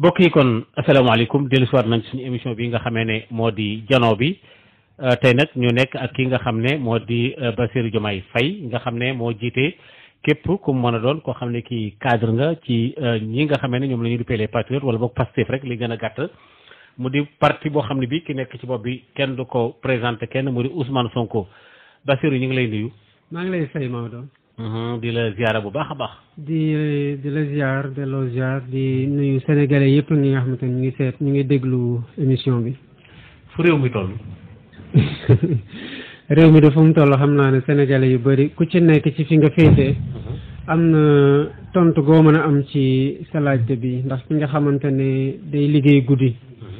mbokk yi kon asalaamaaleykum dellu siwaat nañ suñu émission bi nga xamee ne moo di jano bi euh, tey nag ñu nekk ak ki nga xam ne moo di euh, Bassirou Diomaye fay nga xam ne moo jiite képp ku mu mën a doon koo xam ne kii cadre nga ci euh, ñi nga xamee ne ñoom la ñu duppee les wala book Pastef rek li gën a gàtt mu di parti boo xam ne bi ki nekk ci bopp bi kenn du ko présenté kenn mu di Ousmane Sonko Bassirou ñu ngi lay nuyu. maa ngi lay fay doon Mhm, di la ziara bu baax a baax. di di la ziar delloo ziar di nuyu sénégalais yëpp ñi nga xamante ni ñu ngi seet ñu ngi déglu émission bi. fu réew mi toll. réew mi dafa mu toll xam naa ne sénégalais yu bëri ku ci nekk ci fi nga féetee. Mhm. am na tontu goo mën a am ci salaajte bi ndax nga xamante ne day liggéey guddi. Mhm.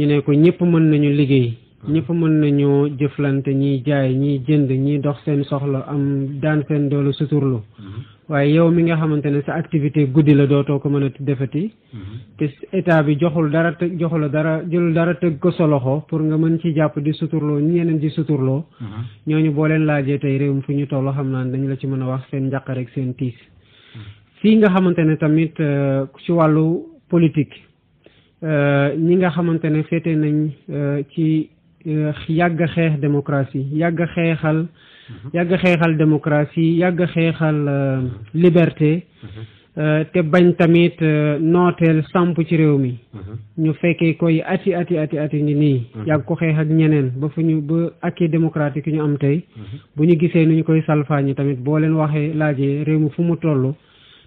ñu ne ko ñëpp mën nañu liggéey. Mm. ñëpp mën nañoo jëflante ñiy jaay ñii jënd ñiy dox seen soxla am daan seen doolu suturlu mm-hmm. waaye yow mi nga xamante ne sa activité guddi la dootoo ko mën a defati mm-hmm. te état bi joxul dara te joxula dara jëlul dara tëgg ko sa pour nga mën ci jàpp di suturloo ñeneen di suturloo mm-hmm. ñooñu boo leen laajee tey réew mi fu ñu toll xam naa dañu la ci mën a wax seen njàqare seen tiis fii nga xamante ne tamit euh, ci wàllu politique euh, ñi nga xamante ne féete nañ euh, ci Euh, yàgg xeex démocratie yàgg xeexal mhm. yàgg xeexal démocratie yàgg xeexal euh, liberté mhm. euh, te bañ tamit nooteel sàmp ci réew mi mhm. ñu fekkee koy ati ati ati ati ngi nii yàgg ko xeex ak ñeneen ba fu ñu ba democratique yu ñu am tey bu ñu gisee nu ñu koy salfaañi tamit boo leen waxee laajee réew mi fu mu toll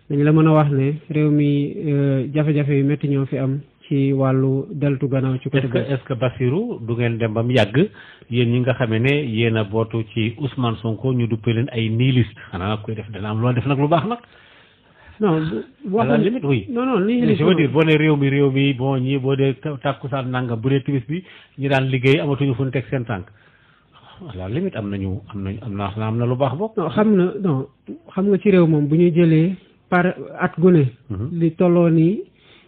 dañ la mën a wax ne réew mi jafe-jafe yu métti ñoo fi am ci wàllu deltu gannaaw ci côté est-ce que du ngeen dem ba mu yàgg yéen ñi nga xamee ne yéen a bootu ci Ousmane Sonko ñu duppee leen ay nihiliste xanaa nag koy def dana am loo def nag lu baax nag non waxuñu limite oui non non lii je veux réew mi réew mi bon ñii boo dee tàkkusaan nangam bu dee timis bi ñu daan liggéey amatuñu fu ñu teg seen tànk la limite am nañu am nañu am na am na lu baax bokk non xam na xam nga ci réew moom bu ñuy jëlee par ak gune mhm. li tolloo nii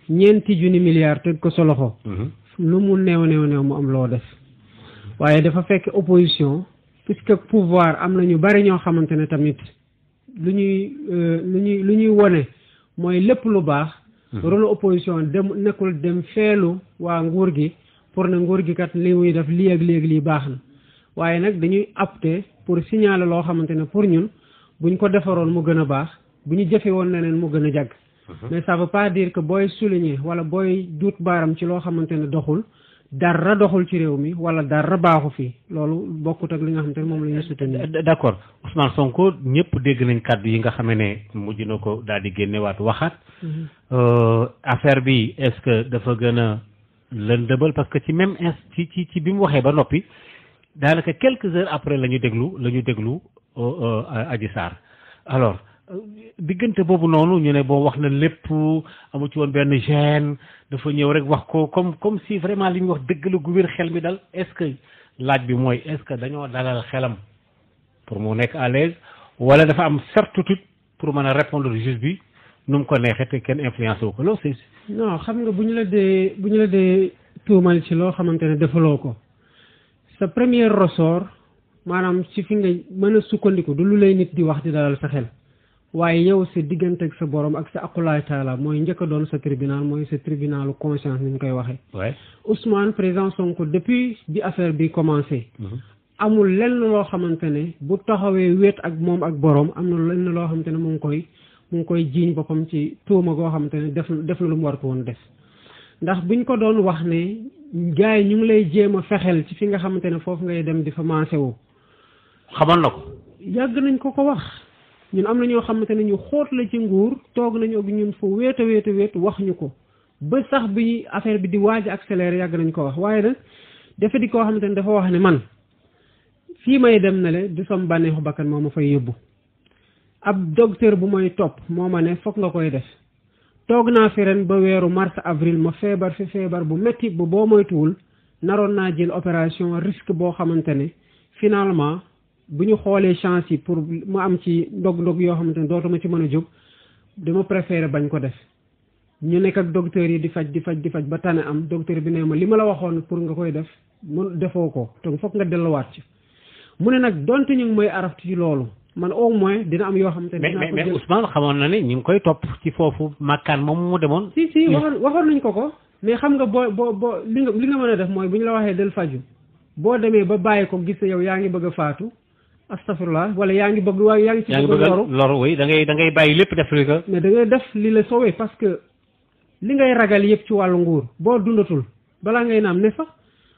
ñeenti junni milliards teg ko sa loxo. Mhm. lu mu néew néew néew mu am loo def waaye dafa fekk opposition puisque pouvoir am na ñu bari ñoo xamante ne tamit lu ñuy euh, lu ñuy lu ñuy wone mooy lépp lu baax. Mhm. rôle opposition dem nekkul dem feelu waa nguur gi pour ne nguur gi kat li muy def lii ak léegi lii baax na waaye nag dañuy opté pour signaler loo xamante ne pour ñun bu buñ ko defaroon mu gën a baax bu ñu jëfe woon leneen mu gën a jàgg. Mhm. mais ça veut pas dire que booy souligner wala booy juut baaram ci loo xamante ne doxul dara doxul ci réew mi wala dara baaxu fi loolu bokkut ak li nga xamante ne moom la ñuy d d'accord Ousmane Sonko ñëpp dégg nañ kàddu yi nga xam ne mujj na ko daal di génnewaat waxaat. Mhm. Euh, affaire bi est-ce que dafa gën a lëndëbal parce que ci même in ci ci ci bi mu waxee ba noppi daanaka quelques heures après la ñu déglu la ñu déglu euh, euh, Adji Sarr alors. diggante boobu noonu ñu ne boo wax na lépp amu ci woon benn gêne dafa ñëw rek wax ko comme comme si vraiment li ñu wax dëgg la gu xel mi dal est-ce que laaj bi mooy est-ce que dañoo dalal xelam pour mu nekk à l'aise wala dafa am certitude pour mën a répondre juge bi nu mu ko neexee te kenn influence wu ko loo c'est non xam nga bu ñu la dee bu ñu la dee tuumal ci loo xamante ne defaloo ko sa premier ressort maanaam ci fi nga mën a sukkandiku du lu nit di wax di dalal sa waaye yow sa diggante ak sa borom ak sa aqulaay taala mooy njëkk doon sa tribunal mooy sa tribunalu conscience ni ñu koy waxee. waaye Ousmane président Sonko depuis bi affaire bi commencé. Mm-hmm. amul lenn loo xamante ne bu taxawee wéet ak moom ak boroom am na lenn loo xamante ne mu ngi koy mu ngi koy jiiñ boppam ci tuuma goo xamante ne def def na lu mu war woon def ndax buñ ko doon wax ne gars yi ñu ngi lay jéem a fexeel ci fi nga xamante ne foofu ngay dem di fa maase woo. ñun am na ñoo xamante ne ñu xóot la ci nguur toog nañu ak ñun fu wéet a wéet a wax ñu ko ba sax bi affaire bi di waaj a accéléré yàgg nañu ko wax waaye nag dafa di koo xamante ne dafa wax ne man fii may dem na le du sam bànneexu bakkan moo ma fay yóbbu ab docteur bu may topp moo ma ne foog nga koy def toog naa fi ren ba weeru mars avril ma feebar fi feebar bu métti bu boo moytuwul naroon naa jël opération risque boo xamante ne finalement bu ñu xoolee chance yi pour mu am ci ndog-ndog yoo xamante ne dootuma ci mën a jóg dama préféré bañ ko def ñu nekk ak docteur yi di faj di faj di faj ba tane am docteur bi nee ma li ma la waxoon pour nga koy def mu defoo ko te foog nga delluwaat ci mu ne nag donte ñu ngi may araftu ci loolu man au moins dina am yoo xamante ne. mais mais Ousmane xamoon na ne ñu ngi koy topp ci foofu màkkaan moom mu demoon. si si waxoon nañ ko ko. mais xam nga boo boo boo li nga li nga mën a def mooy bu ñu la waxee del faju boo demee ba bàyyi ko gis yow yaa ngi bëgg a faatu. astafurlah wala yaa ngi bëgg waaye yaa ngi. yaa ngi bëgg loru oui da ngay da ngay bàyyi lépp def li ko. mais da ngay def li la soowee parce que li ngay ragal yëpp ci wàllu nguur boo dundatul balaa ngay naam ne sax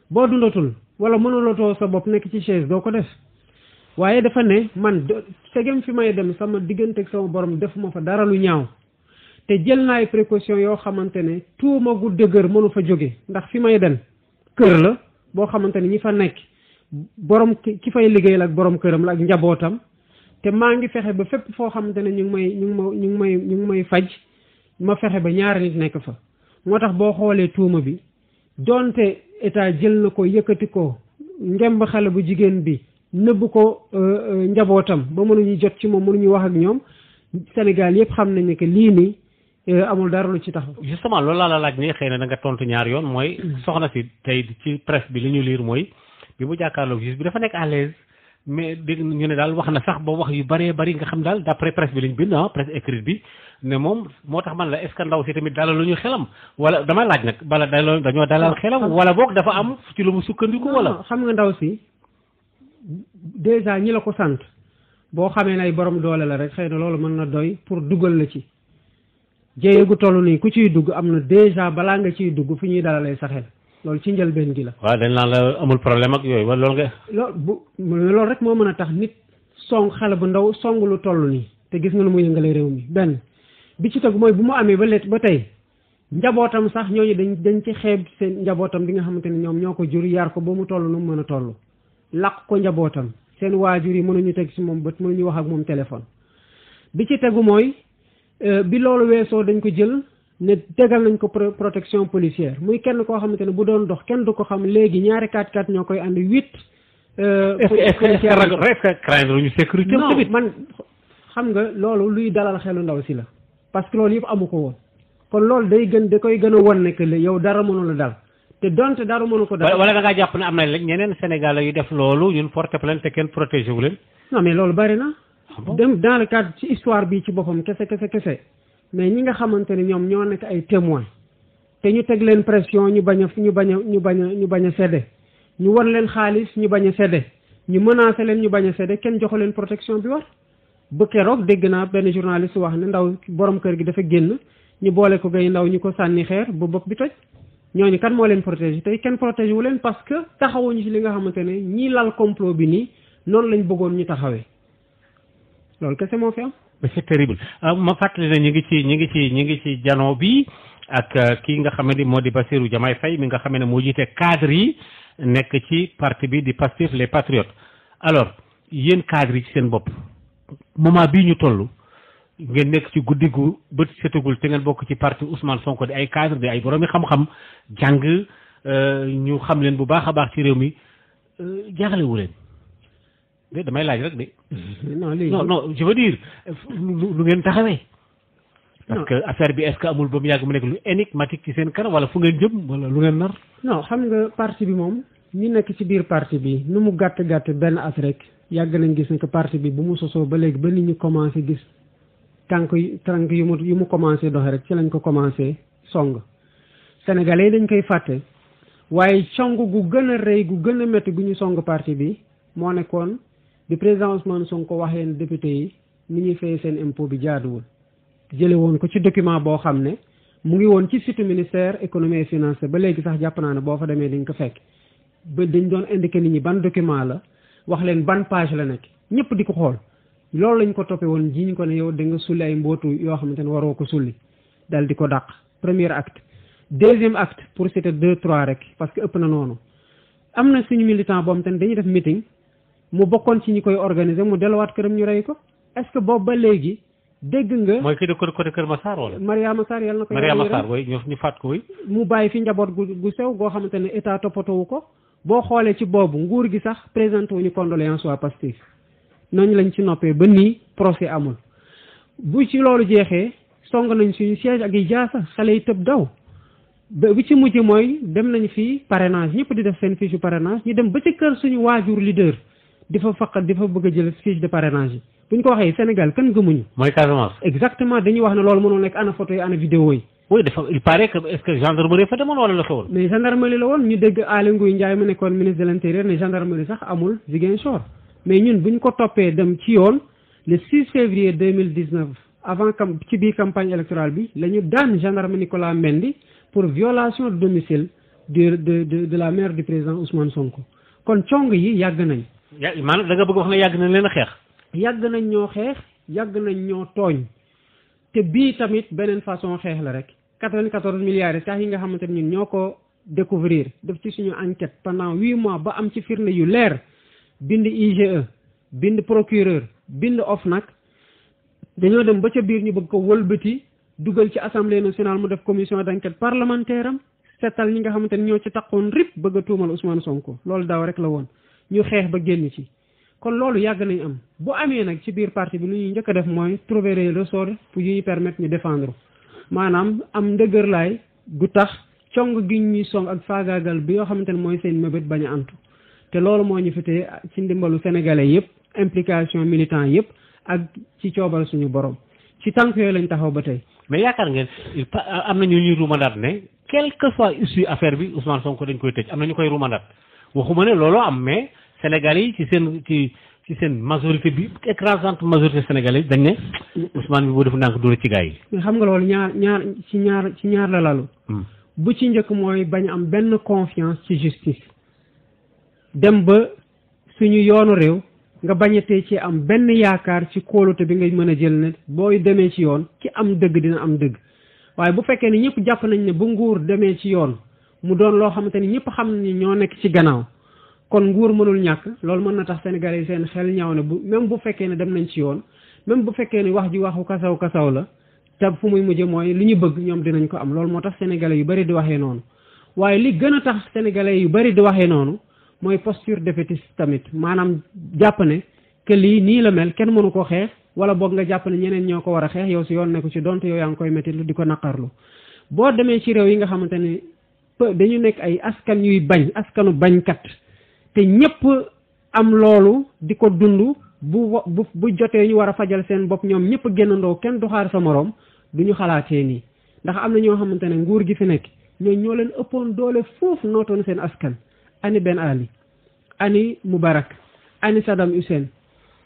boo dundatul wala mënuloo sa bopp nekk ci chaise doo ko def waaye dafa ne man segem fi may dem sama digganteeg sama borom defuma fa dara lu ñaaw te jël naay précaution yoo xamante ne tuuma gu dëgër mënu fa jóge ndax fi may dem kër la boo xamante ne ñi fa nekk. borom ki fay liggéeyal ak borom këram la ak njabootam te maa ngi fexe ba fépp foo xamante ne ñu ngi may ñu ngi ñu ngi faj ma fexe ba ñaari nit nekk fa moo tax boo xoolee tuuma bi donte état jël na ko yëkkati ko ngemb xale bu jigéen bi nëbb ko euh, euh, njabootam ba mënuñu jot ci moom mënuñu wax ak ñoom Sénégal yëpp xam nañ ne que lii nii euh, amul dara lu ci taxaw. justement loolu laa la laaj nii xëy na da nga tontu ñaar yoon mooy. Mm. soxna fi tey ci presse bi li ñu liir mooy. bi mu jàkkaarloog juge bi dafa nekk à l'aise mais dégg ñu ne daal wax na sax ba wax yu baree bari nga xam daal d'après presse bi lañ bind ah presse bi ne moom moo tax man la est-ce ndaw si tamit dalal lu ñu xelam wala dama laaj nag bala daloo dañoo dalal xelam wala boog dafa am ci lu mu sukkandiku wala xam nga ndaw si déjà ñi la ko sant boo xamee nay borom doole la rek xëy na loolu mën na doy pour dugal la ci jéyegu toll nii ku ciy dugg am na déjà balaa nga ciy dugg fu ñuy dalalee sa xel lol ci ben gi la. wa dañ la amul problème ak yoy wa lol nga. lol lol rek mo meuna tax nit song xala bu ndaw song lu tollu ni. te gis nga lu mu yëngale réew mi ben bi ci tag moy bu mu amé ba lét ba tay njabotam sax ñooñu dañ dañ ci xeeb seen njabotam bi nga xamanteni ñom ñoko jur yar ko ba mu tollu nu meuna tollu a ko njabotam seen waajur yi mënuñu teg si moom bët ñu wax ak mom téléphone bi ci tagu moy euh, bi lolou weso dañ ko jël. ne tegal nañ ko protection policière muy kenn koo xamante ne bu doon dox kenn du ko xam léegi ñaari 4 ñoo koy andi huit. Euh, policiers ñu sécurité. non man xam nga loolu luy dalal xelu ndaw si la. parce que loolu yëpp amu ko woon. kon loolu day gën da koy gën a wan ne que yow dara mënu dal. te dont dara mënu ko dal. wala da ngaa jàpp ne am na léegi ñeneen Sénégal yu def loolu ñun porte plainte kenn protégé wu leen. non mais loolu bari na. Ah dem dans le cadre ci histoire bi ci boppam kese kese kese. mais ñi nga xamante ne ñoom ñoo nekk ay témoin te ñu teg leen pression ñu bañ a ñu bañ a ñu bañ a ñu bañ a sedde ñu won leen xaalis ñu bañ a sedde ñu menacé leen ñu bañ sedde kenn joxu leen protection bi war bu keroog dégg naa benn journaliste wax ne ndaw borom kër gi dafa génn ñu boole ko gay ndaw ñu ko sànni xeer ba bopp bi toj ñu kan moo leen protégé tey kenn protégé wu leen parce que taxawuñu ci li nga xamante ne ñii lal complot bi nii noonu lañ bëggoon ñu taxawee loolu c'est terrible euh, ma fàttali na ñu ngi ci ñu ngi ci ñu ngi ci jano bi ak euh, kii nga xam ni moo di Bassirou Diomaye fay mi nga xam ne moo jiite cadre yi nekk ci parti bi di Pastef les patriotes alors yéen cadre yi ci seen bopp moment bii ñu toll ngeen nekk ci guddi gu bët setagul te ngeen bokk ci parti Ousmane Sonko de ay cadre di ay boroomi xam-xam jàng euh, ñu xam leen bu baax a baax ci réew mi jaaxalewu leen de damay laaj rek de. non non non je veux dire lu ngeen taxawee. parce bi est-ce amul ba mu yàgg mu nekk lu énigmatique ci seen kanam wala fu ngeen jëm wala lu ngeen nar. non xam nga parti bi moom. ñu nekk ci biir parti bi nu mu gàtt gàtt benn at rek yàgg nañ gis ne que parti bi bu mu sosoo ba léegi ba nit ñu commencé gis tànk tànk yu mu yu mu commencé doxe rek ci lañ ko commencé song. Sénégalais yi dañ koy fàtte waaye song gu gën a rëy gu gën a métti gu ñu song parti bi moo nekkoon. bi président Ousmane Sonko waxee ne député yi ni ñuy fay seen impôt bi jaaduwul jële woon ko ci document boo xam ne mu ngi woon ci site ministère économie et finance ba léegi sax jàpp naa ne boo fa demee dañ ko fekk ba dañ doon indiqué nit ñi ban document la wax leen ban page la nekk ñëpp di ko xool loolu lañ ko toppee woon jiñ ko ne yow da nga sulli ay mbootu yoo xamante ne waroo ko sulli dal di ko dàq premier acte deuxième acte pour citer deux trois rek parce que ëpp na noonu am na suñu militant boo xam dañuy def meeting mu bokkoon ci ñi koy organiser mu delluwaat këram ñu rey ko est ce que boobu ba léegi dégg nga. mooy kii de côté Kër Massar wala. Mariama Sarr yàlla na ko. Mariama Sarr way ñu faat ko way mu bàyyi fi njaboot gu gu sew goo xamante ne état toppatoowu ko boo xoolee ci boobu nguur gi sax présenté wu ñu condoléance waa Pastef noonu lañ ci noppee ba nii procès amul bu ci loolu jeexee song nañ suñu siège ak i jaasa xale yi tëb daw. bi ci mujj mooy dem nañ fi parrainage ñëpp di def seen fiche parrainage ñu dem ba ci kër suñu waajur leader. difa faqal difa bëgg a jël fiche de parrainage buñ ko waxee Sénégal kan gëmuñu. mooy Casamance. exactement dañuy wax ne loolu mënul nekk ana photo yi ana vidéo yi. oui dafa il paraît que est-ce que gendarmerie fa demoon wala la fa woon. mais gendarmerie la woon ñu dégg Aly Ngouille Ndiaye mu nekkoon ministre de l'intérieur ne gendarmerie sax amul Ziguinchor mais ñun buñ ko toppee dem ci yoon le 6 février 2019 avant cam ci biir campagne électorale bi la ñu daan gendarme Nicolas Mendy pour violation de domicile de de de la mère du président Ousmane Sonko kon cong yi yàgg nañ. ya maanaam da bëgg wax ne yàgg nañ leen a xeex. yàgg nañ ñoo xeex yàgg nañ ñoo tooñ te bii tamit beneen façon xeex la rek. 94 milliards yi tax yi nga xamante ne ñun ñoo ko découvrir def ci suñu enquête pandant huit mois ba am ci firnde yu leer bind IGE bind procureur bind OFNAC dañoo dem ba ca biir ñu bëgg ko wëlbati dugal ci assemblée nationale mu def commission d'enquête parlementaire am seetal ñi nga xamante ne ñoo ci taxoon rip bëgg a tuumal Ousmane Sonko loolu daaw rek la woon. ñu xeex ba génn ci kon loolu yàgg nañ am bu amee nag ci biir parti bi lu ñuy njëkk def mooy trouver les ressorts pour yuy permettre ñu défendre maanaam am ndëgërlaay gu tax cong gi ñuy song ak faagaagal bi yoo xamante ne mooy seen mébét bañ a te loolu moo ñu fitee ci ndimbalu sénégalais yëpp implication militant yëpp ak ci coobal suñu borom ci tànk yooyu lañ taxaw ba tey. mais yaakaar ngeen am na ñu ñuy rumandaat ne quel que soit affaire bi Ousmane Sonko dañ koy am na ñu koy rumandaat waxuma ne sénégalais yi ci seen ci ci seen majorité bi écrasante majorité sénégalais yi dañ ne Ousmane bi boo def ndànk dóor ci gaa yi. xam nga loolu ñaar ñaar ci ñaar ci ñaar la lalu. Hmm. bu ci njëkk mooy bañ am benn confiance ci justice. dem ba suñu yoonu réew nga bañ a tey ci am benn yaakaar ci kóolute bi ngay mën a jël ne booy demee ci yoon ki am dëgg dina am dëgg waaye bu fekkee ni ñëpp jàpp nañ ne bu nguur demee ci yoon mu doon loo xamante ni ñëpp xam ne ñoo nekk ci gannaaw. kon nguur mënul ñàkk loolu mën na tax sénégalais yi seen xel ñaaw na bu même bu fekkee ne dem nañ ci yoon même bu fekkee ne wax ji waxu kasaw kasaw la te fu muy mujje mooy li ñu bëgg ñoom dinañ ko am loolu moo tax sénégalais yu bari di waxee noonu waaye li gën a tax sénégalais yu bari di waxee noonu mooy posture défaitiste tamit maanaam jàpp ne que lii nii la mel kenn mënu ko xeex wala boog nga jàpp ne ñeneen ñoo ko war a xeex yow si yoon ne ko ci donte yow yaa ngi koy métti lu di ko naqarlu boo demee ci réew yi nga xamante dañu nekk ay askan yuy bañ askanu bañkat te ñëpp am loolu di ko dund bu bu bu jotee ñu war a fajal seen bopp ñoom ñëpp génnandoo kenn du xaar sa moroom du ñu xalaatee nii ndax am na ñoo xamante ne nguur gi fi nekk ñoo ñoo leen ëppoon doole foofu nootoon seen askan ani Ben Ali ani Moubarak ani Saddam Hussein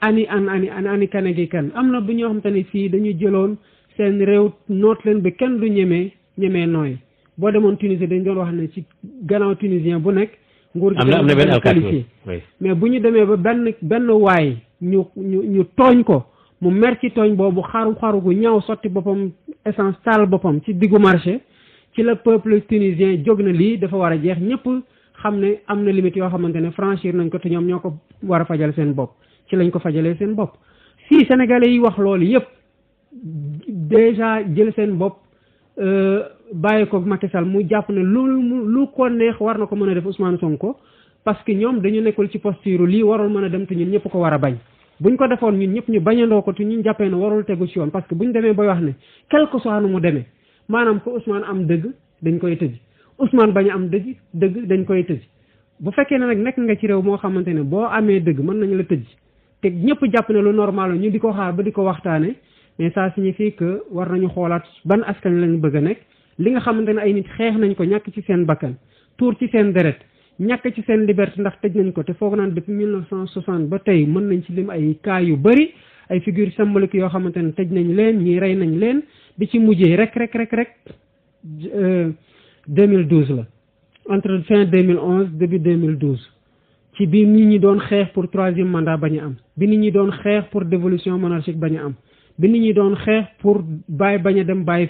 ani an ani an ani kanegi kan am na bu ñoo xamante ne fii dañu jëloon seen réew noot leen ba kenn du ñemee ñemee nooy boo demoon Tunisie dañ doon wax ne ci gannaaw tunisien bu nekk nguur gi ben na mais ba ñu ñu ko mu mer xaru xaru gu sotti essence marché peuple tunisien dafa jeex franchir nañ ko ko ko sénégalais yi wax loolu euh, bàyyi ko Macky Sall mu jàpp ne loolu mu neex war na ko mën a def Ousmane Sonko parce que ñoom dañu nekkul ci posture lii warul mën a dem te ñun ñëpp ko war a bañ buñ ko defoon ñun ñëpp ñu bañandoo ko te ñun jàppee ne warul tegu ci yoon parce que buñ demee bay wax ne quelque soit nu mu demee maanaam ko Ousmane am dëgg dañ koy tëj Ousmane bañ am dëgg dañ koy tëj bu fekkee ne nag nekk nga ci réew moo xamante ne boo amee dëgg mën nañu la tëj te ñëpp jàpp ne lu normal la ñu di ko xaar ba di ko waxtaane mais ça signifie que war nañu xoolaat ban askan lañ bëgg a nekk li nga xamante ay nit nañ ko ci seen ci seen ci seen liberté ndax ko te depuis ba nañ ci lim ay yu ay figure 2012 euh, entre fin 2011 début 2012 ci bi nit ñi doon pour troisième mandat bañ am bi nit ñi doon pour dévolution monarchique bañ am bi nit ñi doon pour bàyyi bañ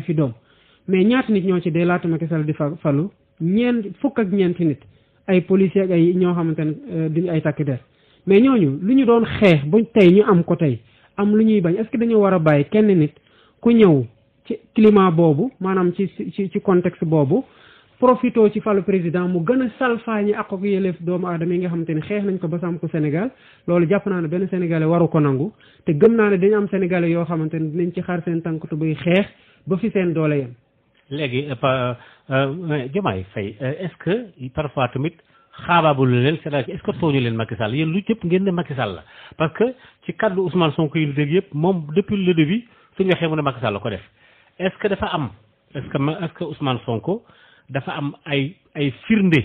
fi mais ñaata nit ñoo ci dee laata Macky Sall di fa falu ñeent fukk ak ñeent nit ay policiers ak ay ñoo xamante ne euh, duñu ay takk der mais ñooñu lu ñu doon xeex bu tey ñu am ko tey am lu ñuy bañ est dañoo war a bàyyi kenn nit ku ñëw ci climat boobu maanaam ci ci ci contexte boobu profito ci falu président mu gën a salfaañi ak ak yëleef doomu aadama yi nga xamante ne xeex nañ ko ba sam ko loolu jàpp naa ne benn sénégalais waru ko nangu te gëm naa ne dañu am sénégalais yoo xamante ne dinañ ci xaar seen tànk bay xeex ba seen doole yem léegi euh, euh, Diomaye Faye euh, est-ce que parfois tamit xaabaabulu leen c'est-à-dire tooñu leen Macky Sall yéen lu jëpp ngeen ne Macky la parce que ci kaddu Ousmane Sonko yi yëpp moom depuis le début suñu waxee mu ne Macky Sall la ko def est-ce que dafa am est-ce que Sonko dafa am ay ay firnde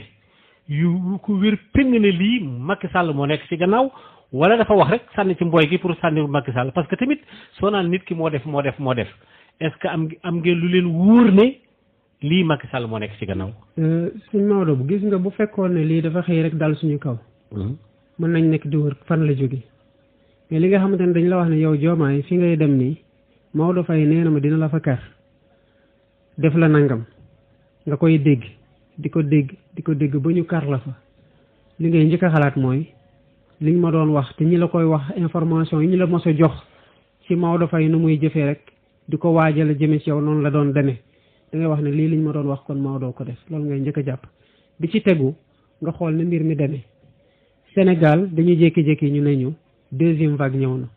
yu ko wér péng ne lii Macky Sall moo nekk ci gannaaw wala dafa wax rek sànni ci mbooy gi pour sànni Macky Sall parce que tamit soo naan nit ki moo def moo def moo def est ce que am am ngeen lu leen wóor ne lii Macky Sall moo nekk ci gannaaw. Euh, suñ Maodo bu gis nga bu fekkoon ne lii dafa xëy rek dal suñu kaw. Hmm. mën nañ nekk di wër fan la jóge mais li nga xamante ne dañ la wax ne yow joomaay fi ngay dem nii Maodo Faye nee na ma dina la fa kar def la nangam nga koy dégg di ko dégg di ko dégg ba ñu kar la fa li ngay njëkk a xalaat mooy liñ ma doon wax te ñu la koy wax information yi ñu la mos jox ci Maodo Faye nu muy jëfee rek di ko waajale jëme ci yow noonu la doon deme dangay wax ne lii liñ ma doon wax kon moo doo ko def loolu ngay njëkk jàpp bi ci tegu nga xool ne mbir mi demee Sénégal dañu jékki-jékki ñu ne ñu deuxième vague ñëw na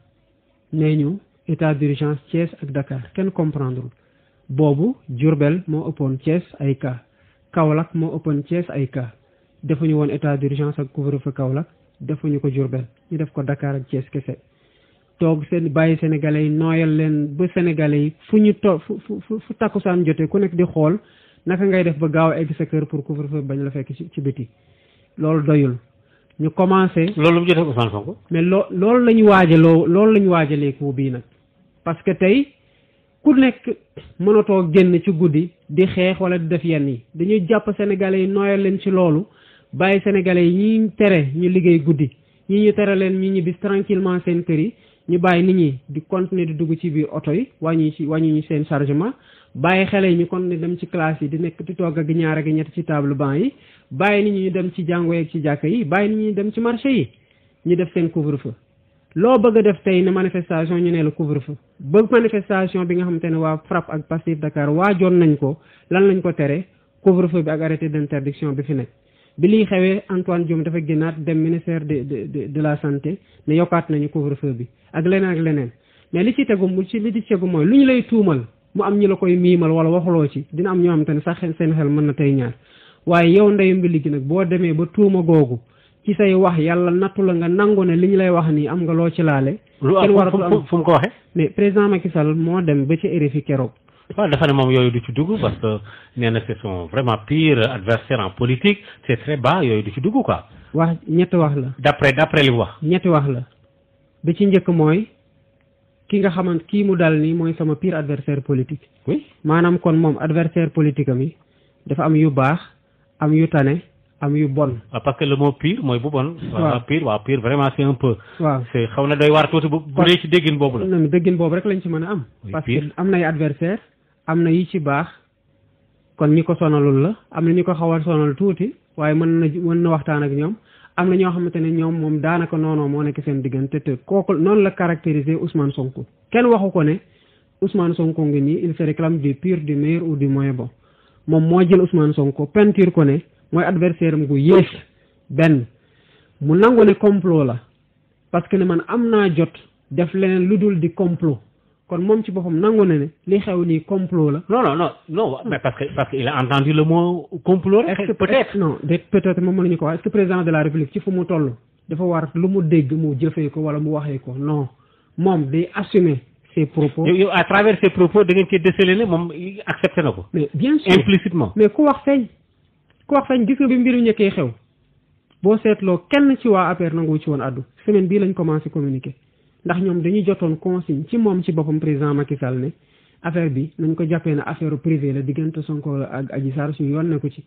nee ñu état d'urgence Thiès ak Dakar kenn comprendre boobu Diourbel moo ëppoon Thiès ay cas Kaolack moo ëppoon Thiès ay cas defuñu woon état d'urgence ak couvre-feu Kaolack defuñu ko Diourbel ñu def ko Dakar ak Thiès kese toog seen bàyyi sénégalais yi nooyal leen ba sénégalais yi fu ñu toog fu fu fu takkusaan jotee ku nekk di xool naka ngay def ba gaaw a egg sa kër pour couvre-feu bañ la fekk ci ci biti loolu doyul ñu commencé. loolu bu jotee Ousmane Sonko. mais loo loolu la ñu waajaloo loolu la ñu waajalee ko bii nag parce que tey ku nekk mënatoo génn ci guddi di xeex wala di def yenn yi dañuy jàpp sénégalais yi nooyal leen ci loolu bàyyi sénégalais yi ñu tere ñu liggéey guddi ñi ñu tere leen ñu ñibbi seen kër yi. ñu bàyyi nit ñi di continuer di dugg ci biir oto yi wàññi ci wàññi ñu seen chargement bàyyi xale yi ñu continuer dem ci classe yi di nekk di toog ak ñaar ak ñett ci table banc yi bàyyi nit ñi ñu dem ci jàngo yeeg ci jàkk yi bàyyi nit ñi dem ci marché yi ñu def seen couvre-feu loo bëgg a def tey ne manifestation ñu ne la couvre-feu bëgg manifestation bi nga xamante ne waa FRAPP ak Pastef Dakar waajoon nañ ko lan lañ ko tere couvre-feu bi ak arrêté d'interdiction bi fi nekk bi liy xewee Antoine Diome dafa génnaat dem ministère de de de la santé ne yokkaat nañu couvre-feu bi ak leneen ak leneen mais li ci tegu mu ci li ci tegu mooy lu ñu lay tuumal mu am ñu la koy miimal wala waxuloo ci dina am ñoo xam te ne sax seen xel mën na tey ñaar waaye yow ndeyu bi gi nag boo demee ba tuuma googu ci say wax yàlla nattu la nga nangu ne li ñu lay wax nii am nga loo ci laale. lu am fu mu ko waxee. mais président Macky Sall ba ci RFI keroog. waaw dafa ne moom yooyu du ci dugg parce que nee na sont vraiment pire adversaire en politique c'est très bas yooyu du ci dugg quoi. wax ñetti wax la. d'après d'après li wax. ñetti wax la bi ci njëkk mooy ki nga xamante kii mu dal nii mooy sama pire adversaire politique. oui maanaam kon moom adversaire politique am yi dafa am yu baax am yu tane am yu bon. ah parce que le mot pire mooy bu bon. waaw pire waaw pire vraiment c'est un peu. c'est xaw na doy waar tuuti bu bu dee ci déggin boobu la. non déggin boobu rek lañ ci mën a am. parce que am nay adversaire am na yi ci baax kon ñi ko sonalul la am na ñi ko xaw a sonal tuuti waaye mën na mën na waxtaan ak ñoom am na ñoo xamante ne ñoom moom daanaka noonu moo nekk seen diggante te kooku noonu la caractériser Ousmane Sonko kenn waxu ko ne Ousmane Sonko ngi nii il se réclame du pire du meilleur ou du moins moom moo jël Ousmane Sonko peinture ko ne mooy adversaire am gu yées benn mu nangu ne complot la parce que ne man am naa jot def leneen lu dul di complot kon mom ci boppam nangu na ne li xew ni complot la. non non non non ah. mais parce que parce qu'il a entendu le mot complot. est-ce que peut-être non peut-être mom mënuñu ko wax est-ce que président de la république ci fu mu toll. dafa war lu mu dégg mu jëfee ko wala mu waxé ko non mom day assumer ses propos. yo à travers ses propos da ngeen ci déceler né mom accepté nako mais bien sûr implicitement. mais ko wax fay ko wax fay gis nga bi mbiru ñëkkee xew bo sétlo kenn ci wa APR nangu ci won addu semaine bi lañ commencé communiquer. ndax ñoom dañuy jotoon consigne ci moom ci boppam président Macky Sall ne affaire bi nañ ko jàppee na affaire privée la diggante Sonko la ak Adji Sarr suñu yoon ne ko ci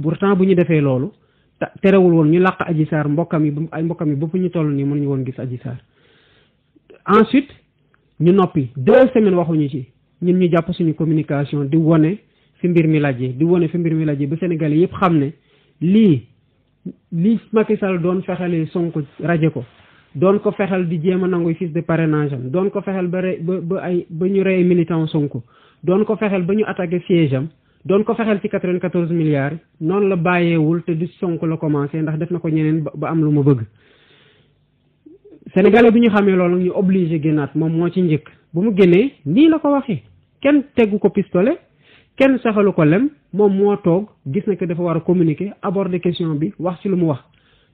pourtant bu ñu defee loolu terewul woon ñu làq Adji Sarr mbokkam yi ay mbokkam yi ba ñu toll nii mënuñu woon gis Adji Sarr ensuite ñu noppi deux semaines waxuñu ci ñun ñu jàpp suñu communication di wone fi mbir mi lajjee di wone fi mbir mi lajjee ba Sénégalais yëpp xam ne lii lii Macky Sall doon fexalee sonk raje ko doon ko fexel di jéem a nangu fiches de parrainage am doon ko fexel ba rey ba ba ay ba ñu rey militant Sonko doon ko fexel ba ñu attaqué siège am doon ko fexel ci 94 milliards noonu la bàyyeewul te du Sonko la commencé ndax def na ko ñeneen ba am lu ma bëgg. Sénégalais bi ñu xamee loolu ñu obligé génnaat moom moo ci njëkk bu mu génnee nii la ko waxee kenn tegu ko pistole kenn saxalu ko lem moom moo toog gis na que dafa war a communiquer aborder question bi wax ci lu mu wax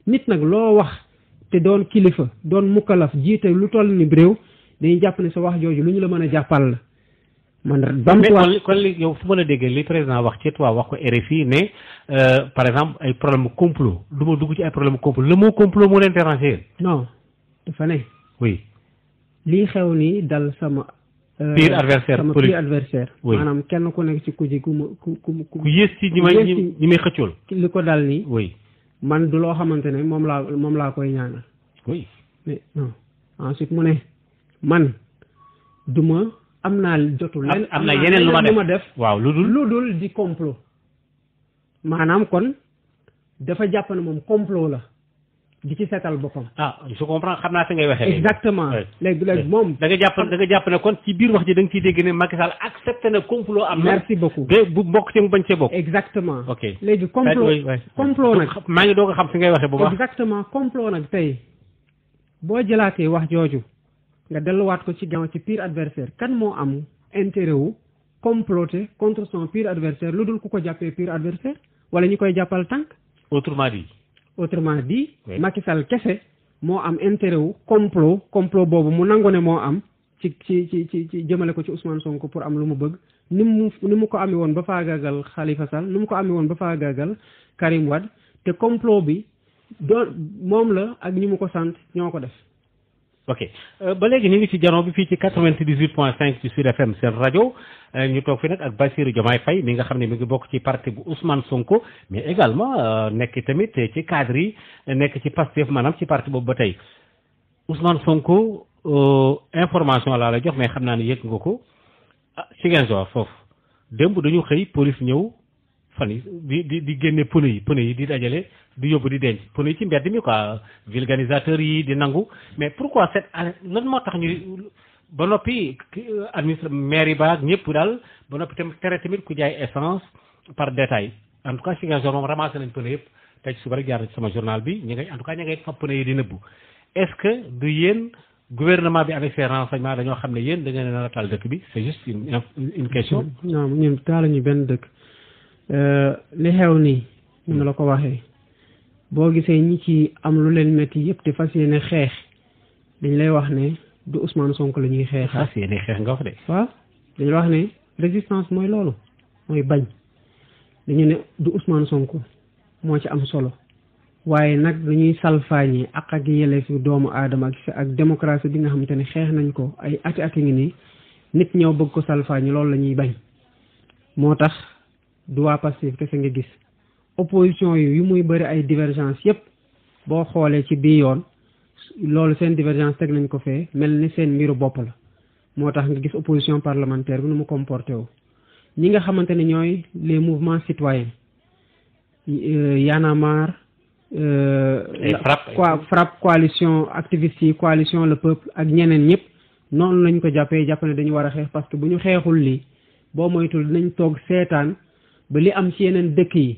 nit nag loo wax. te doon kilifa doon mukalaf jiite lu toll ni réew dañuy jàpp ne sa wax jooju lu ñu la mën a jàppal la. man bamtuwaat kon li yow fu ma la déggee li président wax ci toi wax ko RFI ne euh, par exemple ay problème complot du ma dugg ci ay problème complot le mot complot moo leen déranger. non dafa ne. oui lii xew nii dal sama. Euh, pire adversaire sama pire adversaire. maanaam kenn ku nekk ci ku ku ku ku ku. ku yées ci ñi may ñi may xëccool. li ko dal ni oui. man du loo xamante ne moom laa moom laa koy ñaanal. oui mais mu ne man du ma am naa jotul. leen am na yeneen lu ma def waaw lu dul di complot maanaam kon dafa jàpp ne moom complot la. di ci seetal boppam. ah je comprends xam naa fi ngay waxee. exactement léegi léegi moom. da nga jàpp da nga jàpp ne kon ci biir wax ji da nga ciy dégg ne Macky Sall accepté na complot am merci beaucoup de bu bokk ci mu bañ cee bokk. exactement ok léegi ben, complot complot nag. maa ngi doog a xam fi ngay waxee bu baax. exactement complot nag tey boo jëlaatee wax jooju nga delluwaat ko ci gannaaw ci pire adversaire kan moo am intérêt wu comploter contre son pire adversaire lu dul ku ko jàppee pire adversaire wala ñu koy jàppal tànk. autrement dit. autrement dit Macky Sall kese moo am intérêt wu complot complot boobu mu nangu ne moo am ci ci ci ci ci jëmale ko ci Ousmane Sonko pour am lu mu bëgg ni mu ni mu ko amee woon ba faagaagal Khalifa Sall ni mu ko amee woon ba faagaagal Karim Wade te complot bi doon moom la ak ñi mu ko sant ñoo ko def ok euh, ba léegi ñu ngi ci jano bi fii ci 98 point 5 ci Sud FM seen rajo euh, ñu toog fi nag ak Bassirou Diomaye Fay mi nga xam ne mi ngi bokk ci parti bu Ousmane Sonko mais également euh, nekk tamit ci cadre yi nekk ci Pastef maanaam ci parti boobu ba tey Ousmane Sonko information laa la jox mais xam naa ne yëg nga ko ah Ziguinchor foofu démb dañu xëy police ñëw fan yi di di di génne pneu yi pneu yi di dajale di yóbbu di denc pneu yi ci mbedd mi quoi vulgarisateur yi di nangu mais pourquoi cette année lan moo tax ñu ba noppi euh, administre maire yi baag ñëpp daal ba noppi tam tere tamit ku jaay essence par détail en tout cas Ziguinchor moom ramassé yëpp tey ci suba ci sama journal bi ñu ngay en tout cas ñu ngay fab pneu yi di nëbbu est-ce que du yéen gouvernement bi avec ses renseignements dañoo xam ne yéen da ngeen a taal dëkk bi c'est juste une une question. non ñun ñu benn dëkk. Euh, li xew nii mun la ko waxee boo gisee ñi ci am lu leen métti yëpp te fas yéene xeex dañ lay wax ne du Ousmane sonk la ñuy xeex. fas xeex nga wax de. waaw dañu wax ne résistance mooy loolu mooy bañ dañu ne du Ousmane sonk moo ci am solo waaye nag dañuy salfaañi ak ak yelleefu doomu aadama ak ak démocratie bi nga xamante ne xeex nañ ko ay ati ati ngi nii nit ñëw bëgg ko salfaañi loolu la ñuy bañ moo tax. du waa Pastef kese nga gis opposition yi yu muy bëri ay divergence yépp boo xoolee ci bii yoon loolu seen divergence teg nañ ko fee mel ni seen mbiru bopp la moo tax nga gis opposition parlementaire bi nu mu comporté wu ñi nga xamante ne ñooy les mouvement citoyens euh, Y'en a marre euh, FRAPP coalition activiste yi coalition le peuple ak ñeneen ñëpp noonu lañ ko jàppee jàpp ne dañu war a xeex parce que bu ñu xeexul lii boo moytul dinañ toog seetaan ba li am ci yeneen dëkk yi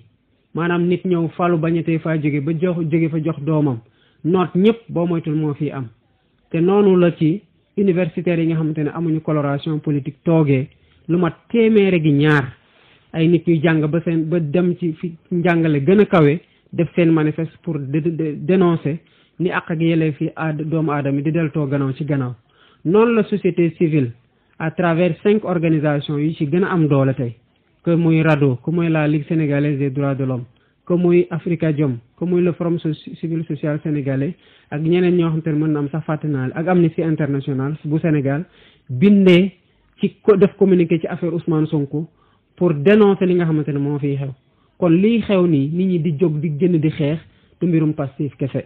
maanaam nit ñëw falu bañatee faa jóge ba jox jóge fa jox doomam noot ñëpp boo moytul moo fi am te noonu la ci universitaires yi nga xamante ni amuñu coloration politique toogee lu mat téeméere gi ñaar ay nit ñuy jàng ba seen ba dem ci fi njàngale gën a kawe def seen manifeste pour dénoncer ni àq ak yelleef fi doomu aadam yi di deltoo gannaaw ci gannaaw noonu la société civile à travers cinq organisations yu ci gën a am doole tey que muy RADDHO que muy la Ligue sénégalaise des droits de l'homme que muy Afrikajom que muy le forum civil social sénégalais ak ñeneen ñoo xam te ne mën na am sax fàtte naa ak Amnesty International bu Sénégal bindee ci ko def communiqué ci affaire Ousmane Sonko pour dénoncer li nga xamante ne moo fi xew kon liy xew nii nit ñi di jóg di gën di xeex du mbirum passif kese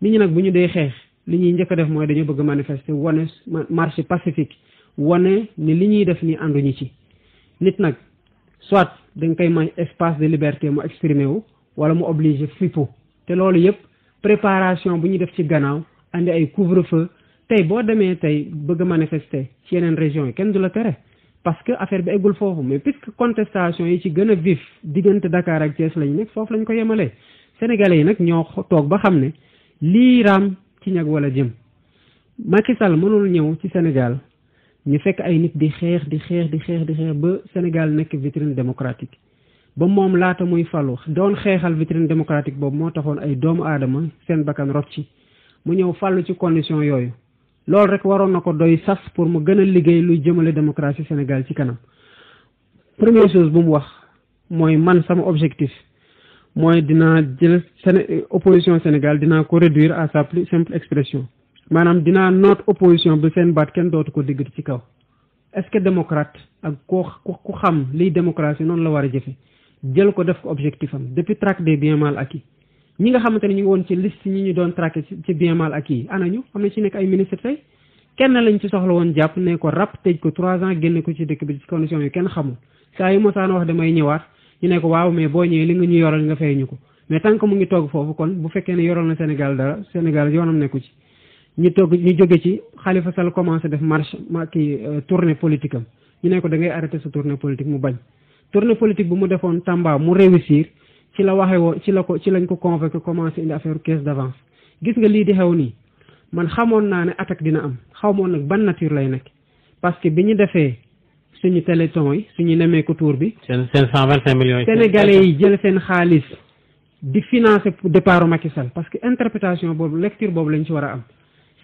nit ñi nag bu ñu dee xeex li ñuy njëkk def mooy dañu bëgg manifester wane marche pacifique wane ni li ñuy def ni ànduñu ci soit dañ koy may espace de liberté mu exprimer wu wala mu obligé fippu te loolu yëpp préparation bu ñu def ci gannaaw andi ay couvre-feu tey boo demee tey bëgg a manifester ci yeneen région yi kenn du la tere parce que affaire bi eggul foofu mais puisque contestation yi ci gën a vif diggante Dakar ak Thiès lañu nekk foofu lañ ko yemalee sénégalais yi nag ñoo toog ba xam ne lii raam ci ñag wala jëm Macky Sall mënul ñëw ci Sénégal ñu fekk ay nit di xeex di xeex di xeex di xeex ba Sénégal nekk vitrine démocratique ba moom laata muy fallu. doon xeexal vitrine démocratique boobu moo taxoon ay doomu aadama seen bakkan rot ci mu ñëw fallu ci condition yooyu loolu rek waroon na ko doy sas pour mu gën a liggéey luy jëmale démocratie Sénégal ci kanam première chose bu mu wax mooy man sama objectif mooy dinaa jël opposition Sénégal dinaa ko réduire à sa plus simple expression maanaam dinaa noot opposition bi seen baat kenn dootu ko dégg ci kaw est-ce que démocrate ak koo ku xam liy démocratie noonu la war a jëfe jël ko def ko objectif am depuis traque des biens mal acquis ñi nga xamante ne ñu woon ci liste ñi ñu doon traqué ci bien mal acquis yi ana ñu am na ci nekk ay ministre tey kenn lañ ci soxla woon jàpp ne ko rap tëj ko trois ans génne ko ci dëkk bi ci condition yu kenn xamul saa yu mosaan wax damay ñëwaat ñu ne ko waaw mais boo ñëwee li nga ñu yoral nga fay ñu ko mais tant que mu ngi toog foofu kon bu fekkee ne yoral na Sénégal dara Sénégal yoonam nekku ci ñu toog ñu jóge ci xalifa Sall commencé def marche ma kii euh, tournée politique am ñu ne ko da ngay arrêté sa tournée politique mu bañ tournée politique bu mu defoon Tamba mu réussir ci la waxe woon ci la ko ci lañ ko convoqué commencé indi affaire caisse d'avance gis nga lii di xew nii man xamoon naa ne attaque dina am xaw moon nag ban nature lay nekk parce que bi ñu defee suñu téléthon yi suñu nemee ko tour bi. seen seen cent vingt cinq millions yi. Sénégalais yi jël seen xaalis di parce que interprétation boobu lecture boobu lañ ci war a am.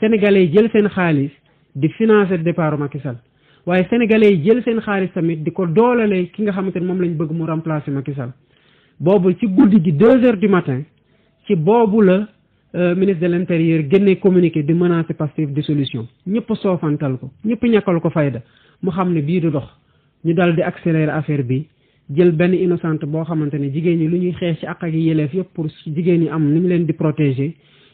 sénégalais yi jël seen xaalis di financer départ Macky Sall waaye sénégalais yi jël seen xaalis tamit di ko doolale ki nga xamante ne moom lañ bëgg mu remplacer Macky Sall boobu ci guddi gi deux heures du matin ci boobu la euh, ministre de l' intérieur génne communiqué di menacer Pastef solution ñëpp soofantal ko ñëpp ñàkkal ko fayda mu xam ne bii du dox ñu dal di accélérer affaire bi jël benn innocente boo xamante ne jigéen ñi lu ñuy xeex ci àq ak yelleef yëpp pour jigéen ñi am ni ñu leen di protéger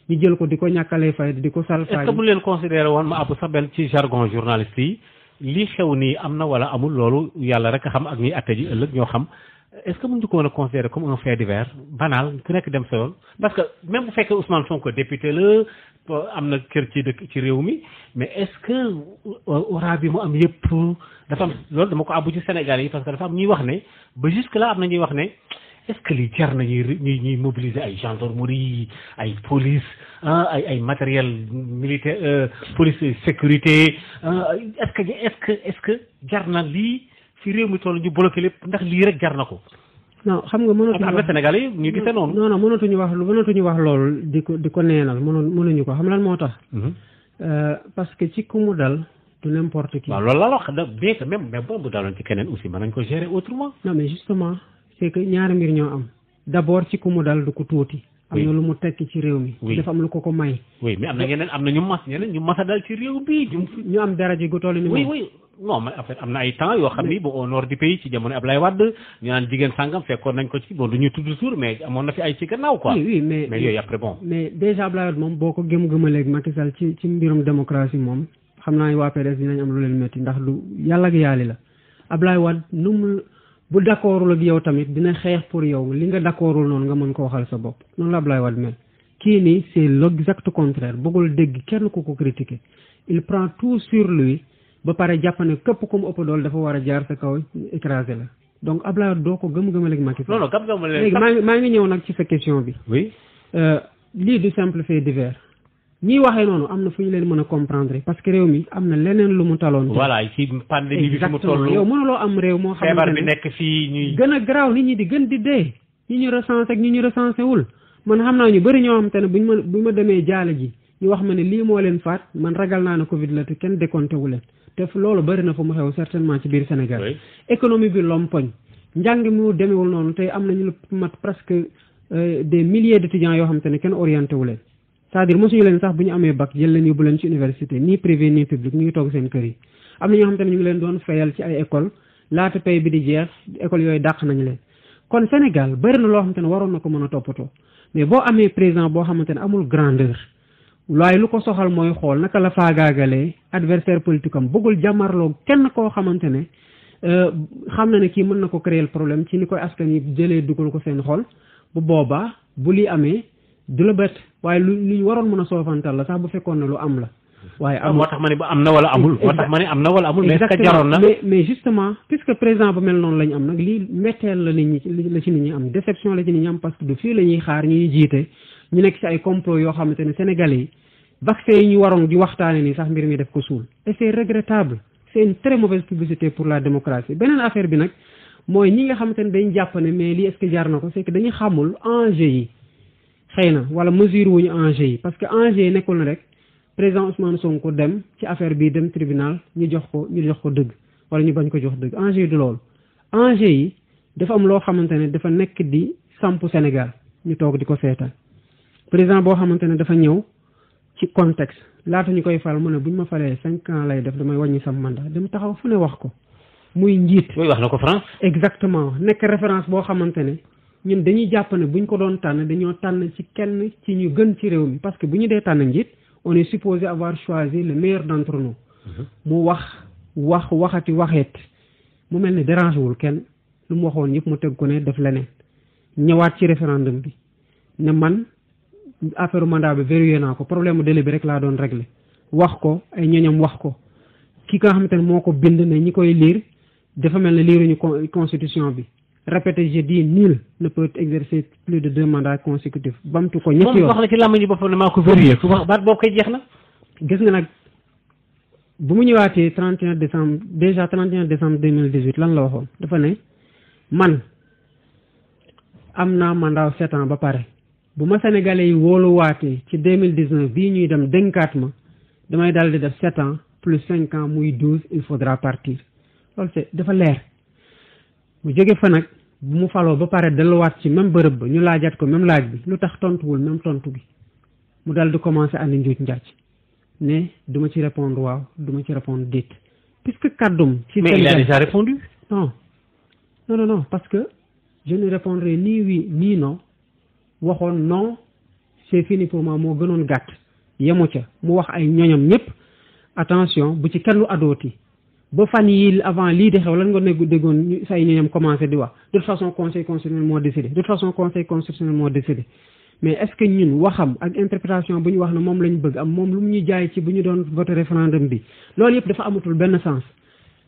ñu jël ko di ko ñàkkalee fayda di ko salfaañ. est-ce que bu leen considéré woon ma àbb sax benn ci jargon journaliste yi lii xew nii am na wala amul loolu yàlla rek a xam ak ñuy atte ji ëllëg ñoo xam est-ce que mënuñu ko a considéré comme un fait divers banal ku nekk dem sa yoon parce que même bu fekkee Ousmane Sonko député la am na kër ci réew mi mais est-ce que euh, aura bi mu am yëpp dafa am loolu dama ko àbbu ci Sénégal yi parce que dafa ñuy wax ne ba jusque am na ñuy wax ne est-ce que li jar na ñuy ñuy mobiliser ay gendarmerie ay police hein ay ay matériel militaire euh, police sécurité hein, est-ce que est-ce que est-ce que jar na li, fi réew mi toll ñu bloqué lépp ndax lii rek jar na ko. non xam nga mënatuñu wax am Sénégalais ñu gisee non non non ñu wax ñu wax loolu di ko di ko neenal mënu mënuñu ko xam lan mo tax. Mhm. Euh, parce que ci kumu dal. du n'importe qui. wa loolu la wax da bien que même bon bu dalon ci keneen aussi mën nañ ko gérer autrement. non mais justement. c'est que ñaari mbir ñoo am d'abord ci ku mu dal du ko tuuti. am na lu mu tekki ci réew mi. dafa am lu ko ko may. oui mais am na ñeneen am bi ñu am daraja gu ay temps yoo xam ni ba au nord du ci jamono Ablaye Wade ñu moom boo ko gëm-gëmaleeg Macky ci mbirum démocratie moom xam naa waa PDS dinañ am lu leen métti ndax du yàlla ak yàlli la Ablaye Wade nu mu bu d'accordul ak yow tamit dina xeex pour yow li nga d'accordul noonu nga mën ko waxal sa bopp noonu la Abdoulaye Wade mel kii nii c'est l'exact contraire bëggul dégg kenn ku ko critiquer il prend tout sur lui ba pare jàpp ne képp ku mu ëpp dool dafa war a jaar sa kaw écrasé la donc Abdoulaye Wade doo ko gëm-gëmale ak Macky non non gëm-gëmale léegi maa ngi maa ngi ñëw nag ci sa question bi. oui. Euh, lii du simple fait divers. ñiy waxe noonu am na fu ñu leen mën a comprendre parce que réew mi am na leneen lu mu taloon. voilà ci pandémie bi yow mënuloo am réew moo xam ne feebar gën a garaaw nit ñi di gën di dee ñi ñu recensé ak ñi ñu recensé wul man xam naa ñu bëri ñoo xam te bu buñ ma ma demee jaale ji ñu wax ma ne lii moo leen faat man ragal naa ne Covid la te kenn décompté wu leen te loolu bëri na fa mu xew certainement ci biir Sénégal. économie bi lompoñ njàng mu demewul noonu tey am nañu lu mat presque euh, des milliers d'étudiants yoo xam te ne kenn orienté wu leen c'est-à-dire mosuñu leen sax bu ñu amee bac jël leen yóbbu leen ci université ni privé ni public ñu ngi toog seen kër yi am na ñoo xam te ñu ngi leen doon fayal ci ay école laata pay bi di jeex école yooyu dàq nañu leen kon Sénégal bëri na loo xamante ne waroon na ko mën a toppatoo mais boo amee président boo xamante ne amul grandeur waaye lu ko soxal mooy xool naka la faagaagalee adversaire politique am bëggul jàmmarloo kenn koo xamante ne euh, xam na ne kii mën na ko créer problème ci ni koy askan yi jëlee dugal ko seen xol bu boobaa li amee waye lu lu ñu waroon mën a la sax bu fekkoon lu am la. waye am ah, motax mané ma ne wala amul. motax mané amna wala amul. mais est-ce que jaroon na mais mais justement puisque président bu mel non lañ am nak li mettel la nit ñi la ci nit ñi am déception la ci nit ñi am parce que du fii la xaar ñuy jité ñu nek ci ay complot yo xamante Sénégalais vaccin ñi ñu di waxtane ni sax mbir mi def ko sul et c'est regrettable c'est une très mauvaise publicité pour la démocratie benen affaire bi nak moy ñi nga xamante dañu dañ mais li est-ce que jar na c'est que dañuy xamul enjeu yi xëy wala mesure wuñu enjeu yi parce que enjeu yi na rek président Ousmane Sonko dem ci affaire bi dem tribunal ñu jox ko ñu jox ko deug wala ñu bañ ko jox deug enjeu du lool enjeu yi dafa am lo xamantene dafa nek di sampu Sénégal ñu toog diko sétal président bo xamantene dafa ñew ci contexte laata ñukoy fal mu ne bu ma falé 5 ans lay def damay wàññi sam mandat dem taxaw fu ne wax ko muy njiit. muy wax nako France. exactement nek référence bo xamantene ñun dañuy jàpp ne bu ko doon tànn dañoo tànn ci kenn ci ñu gën ci réew mi parce que bu ñu dee tànn njiit on est supposé avoir choisi le meilleur d'entre nous. Mhm. mu wax wax waxati waxeet mu mel ne dérange wul kenn lu mu waxoon yëpp mu teg ko ne def leneen ñëwaat ci référendum bi ne man affaire mandat bi verrouillé naa ko problème délai bi rek laa doon réglé wax ko ay ñoñam wax ko ki nga xamante ne moo ko bind ne ñi koy lire dafa mel ne liiruñu constitution bi répété je dis nul ne peut exercer plus de deux mandats consécutifs bamtu ko ñetti yoon moom wax la ci làmmiñ boppam ne maa ko vérifié ku wax baat bokay koy jeex na gis nga nak bu mu ñëwaatee 31 décembre déjà 31 décembre 2018 lan la waxoon dafa né man amna mandat 7 ans ba paré bu ma sénégalais yi waté ci 2019 bi ñuy dem dénkaat ma damay daal di def sept ans plus cinq ans muy douze il faudra partir lol c'est dafa lèr mu jóge fa nak bu mu faloo ba pare delluwaat ci même bërëb ba ñu laajaat ko même laaj bi lu tax tontuwul même tontu bi mu dal di commencé andi njuuj njaaj ne duma ci répondre waaw duma ci répondre déet puisque kàddum ci mais il a déjà répondu non non non non parce que je ne répondrai ni oui ni non waxoon non c'est fini pour moi moo gënoon gàtt yemu ca mu wax ay ñoñam ñëpp attention bu ci kenn lu adooti ba fan yi avant lii di lan nga say commencé de toute façon conseil décidé de façon conseil constitutionnel décidé mais est-ce que ñun waxam ak interprétation bu wax ne moom lañ bëgg am moom lu mu jaay bu référendum bi loolu yëpp dafa amatul sens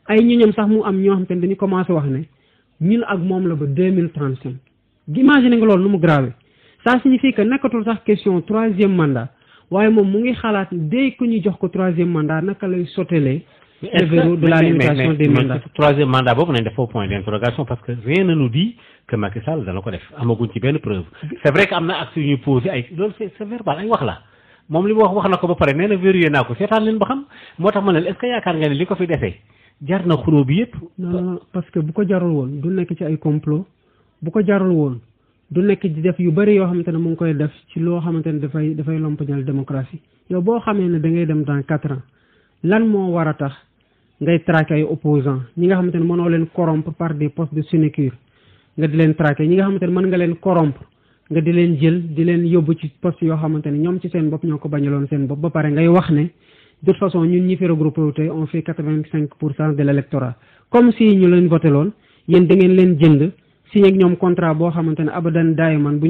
ay sax mu am ñoo xam dañu commencé wax ak moom la ba 2035 imagine nu grave ça signifie que nekkatul sax question troisième mandat waaye moom mu ngi xalaat dès que ñu jox ko troisième mandat naka lay sotelee est-ce que de la limitation des mandats ko def amaguñ ci benn preuve c'est vrai yu ñu posé ay loolu c'est c'est verbal li ko ba xam moo tax ma fi desee jar na xuloo bi yëpp parce que bu ko jarul woon du nekk ci ay complot bu ko jarul woon du nekk di def yu bëri yoo xamante ne mu ngi koy def ci loo xamante ne dafay dafay démocratie yow boo xamee ne da ngay dem dans quatre ans lan moo war a tax ngay traqué ay opposants ñi nga xamante ne mënoo leen corrompre par des postes de sinécure nga di leen traqué ñi nga xamante mën nga leen corrompre nga di leen jël di leen yóbbu ci poste yoo xamante ñoom ci seen bopp ñoo ko bañaloon seen bopp ba pare ngay wax ne de façon ñun ñi wu tey on fait quatre vingt cinq pour cent de l' électorat comme si ñu leen voté loon yéen ngeen leen jënd signé ak ñoom contrat boo xamante abadan daayiman bu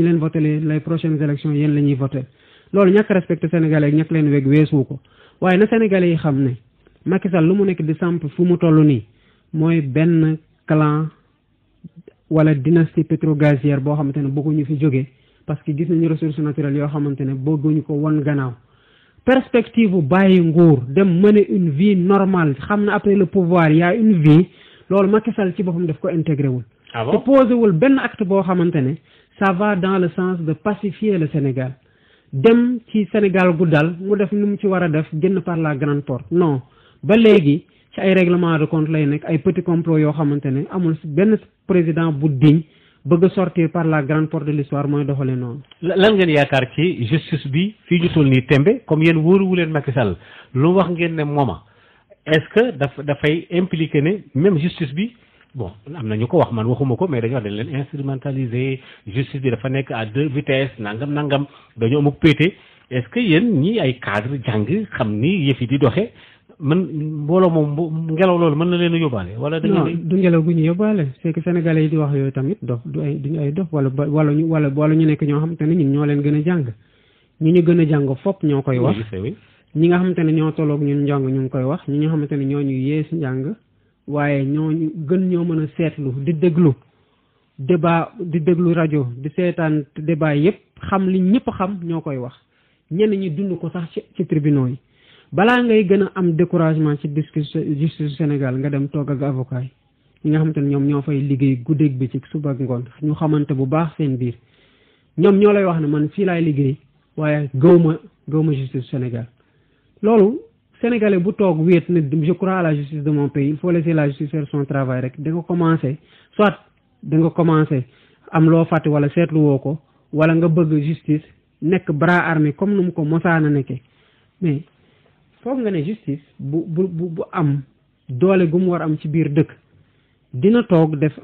Macky Sall lu mu nekk di samp fu mu toll nii mooy benn clan wala dynastie pétrogazière boo xamante ne ñu fi jóge parce que gis nañu ressources naturelles yoo xamante ne ko won gannaaw perspective bu bàyyi nguur dem mener une vie normal xam na après le pouvoir y a vie loolu Macky Sall ci boppam def ko intégré wul ah te posé benn act boo xamante ne ça va dans le sens de pacifier le Sénégal dem ci Sénégal gu dal mu def nu mu ci war a def génn par grande porte non ba léegi ci ay règlement de compte lay nekk ay petit complot yoo xamante ne amul benn président bu diñ bëgg a sortir par la grande porte de l'histoire mooy doxale noonu. lan ngeen yaakaar ci justice bi fii ñu toll nii tembe comme yéen wóoruwu leen Macky Sall lu wax ngeen ne moma est-ce que daf dafay impliqué ne même justice bi bon am na ñu ko wax man waxuma ko mais dañu wax dañ leen instrumentaliser justice bi dafa nekk à deux vitesses nangam nangam dañu amuk pété est-ce que yéen ñi ay cadre jàng xam ni yëf yi di doxee man mbooloo moom ngelaw loolu mën na leen a yóbbaale. wala da ngeen du ngelaw gu ñu yóbbaale c'est que yi di wax yooyu tamit dof du ay duñu ay dof wala wala ñu wala wala ñu nekk ñoo xamante ne ñun ñoo leen gën a jàng ñu ñu gën a jàng fopp ñoo koy wax. ñi nga xamante ne ñoo tolloog ñun njàng ñu ngi koy wax ñi nga xamante ne ñoo ñu yees njàng waaye ñooñu gën ñoo mën a seetlu di déglu débat di déglu rajo di seetaan débat yëpp xam li ñëpp xam ñoo koy wax ñenn ñi dund ko sax ci tribunaux yi balaa ngay gën a am découragement ci justice Sénégal nga dem toog ak avocat yi ñi nga xamante ni ñoom ñoo fay liggéey guddeek bi ci suba ak ngoon ñu xamante bu baax seen biir ñoom ñoo lay wax ne man fii laay liggéey waaye gëw ma gëw ma justice Sénégal loolu sénégalais bu toog wéet ne je crois à la justice de mon pays il faut la justice faire son travail rek da nga commencé soit da nga commencé am loo fàtte wala seetlu woo ko wala nga bëgg justice nekk bras armé comme nu mu ko mosaana nekke mais Pour nga ne justice bu bu bu am doole gum war am ci biir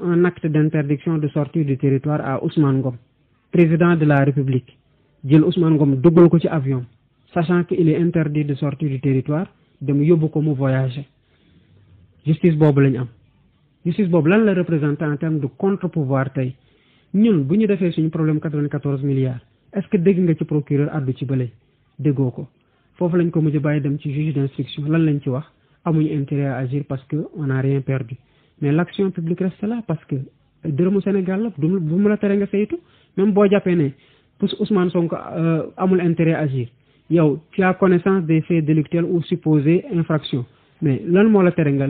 un acte d'interdiction de sortie du territoire à Ousmane Ngom président de la République jël Ousmane Ngom duggal ko ci avion sachant qu'il est interdit de sortir du territoire de yóbbu ko mu voyager justice boobu lañ am justice boobu lan la représente en termes de contre-pouvoir tey ñun bu ñu defee suñu problème 94 milliards est-ce que dégg nga ci procureur addu ci bële déggoo ko foofu lañ ko mujj bàyyi dem ci juge d'instruction lan lañ ci wax amuñu intérêt à agir parce que on n'a rien perdu mais l'action publique reste là parce que dërëmu Sénégal la du mu la tere nga saytu même boo jàppee ne pour Ousmane Sonko euh, amul intérêt à agir yow tu as connaissance des faits délictuels ou supposés infraction mais lan moo la tere nga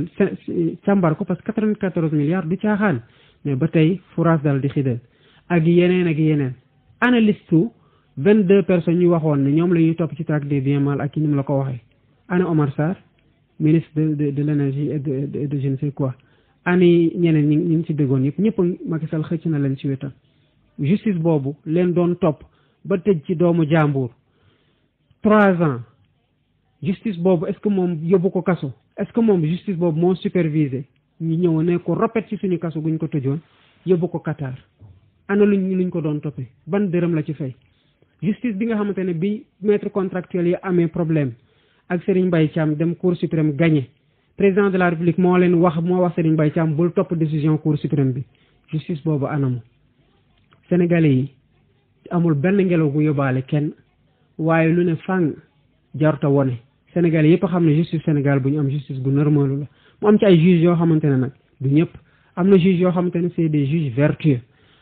càmbar ko parce que 94 milliards du caaxaan mais ba tey fourage dal di xidal ak yeneen ak yeneen analyste vingt deux personnes ñu waxoon ne ñoom la ñuy topp ci traque des biens mal ak ki ni mu la ko waxee ana Omar Sarr ministre de de de l' énergie de de je quoi ani ñeneen ñi ñu ngi ci déggoon yëpp ñëpp Macky Sall xëcc na leen ci wetam justice boobu leen doon topp ba tëj ci doomu jàmbur trois ans justice boobu est ce que moom yóbbu ko kasu est ce que moom justice boobu moo supervisé ñu ñëw ne ko ropet ci suñu kaso guñ ko tëjoon yóbbu ko Qatar ana luñ luñ ko doon toppee ban dërëm la ci fay. justice bi nga xamantene bi maître contractuel yi amé problème ak Serigne Mbaye cham dem cour suprême gagné président de la république mo len wax mo wax Serigne Mbaye cham bul top décision cour suprême bi justice bobu anamu sénégalais yi amul benn ngelaw gu yobale kenn waaye lu ne fàng jaruta sénégalais yépp xam ne justice Sénégal bu ñu am justice bu normalu la mu am ci ay juges yoo xamantene nag du ñëpp am na juges yoo xamantene c'est des juges vertueux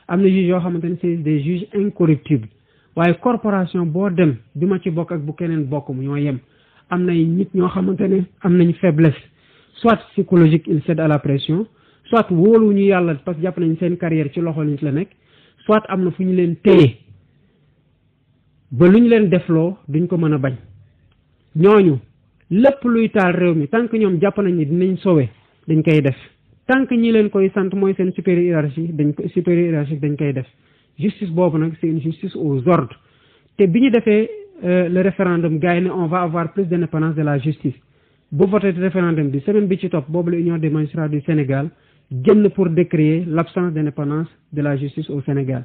am na juges yoo xamantene c'est des juges incorruptibles waaye corporation boo dem bi ma ci bokk ak bu keneen bokk mu ñoo yem am nay nit ñoo xamante ne am nañ faiblesse soit psychologique il cède à la pression soit wóolu ñu yàlla parce jàpp nañ seen carrière ci loxo nit la nekk soit am na fu ñu leen téye ba lu leen defloo duñ ko mën a bañ ñooñu lépp luy taal réew mi tant que ñoom jàpp nañ ni dinañ sowe dañ koy def tant que ñi leen koy sant mooy seen supérieur hiérarchie dañ ko supérieur dañ koy def justice boobu nag c'est une justice aux ordres te bi ñu euh, le référendum gars on va avoir plus d'indépendance de la justice bu voté référendum bi semaine bi ci topp boobu la union des magistrats du Sénégal génn pour décréer l'absence d'indépendance de la justice au Sénégal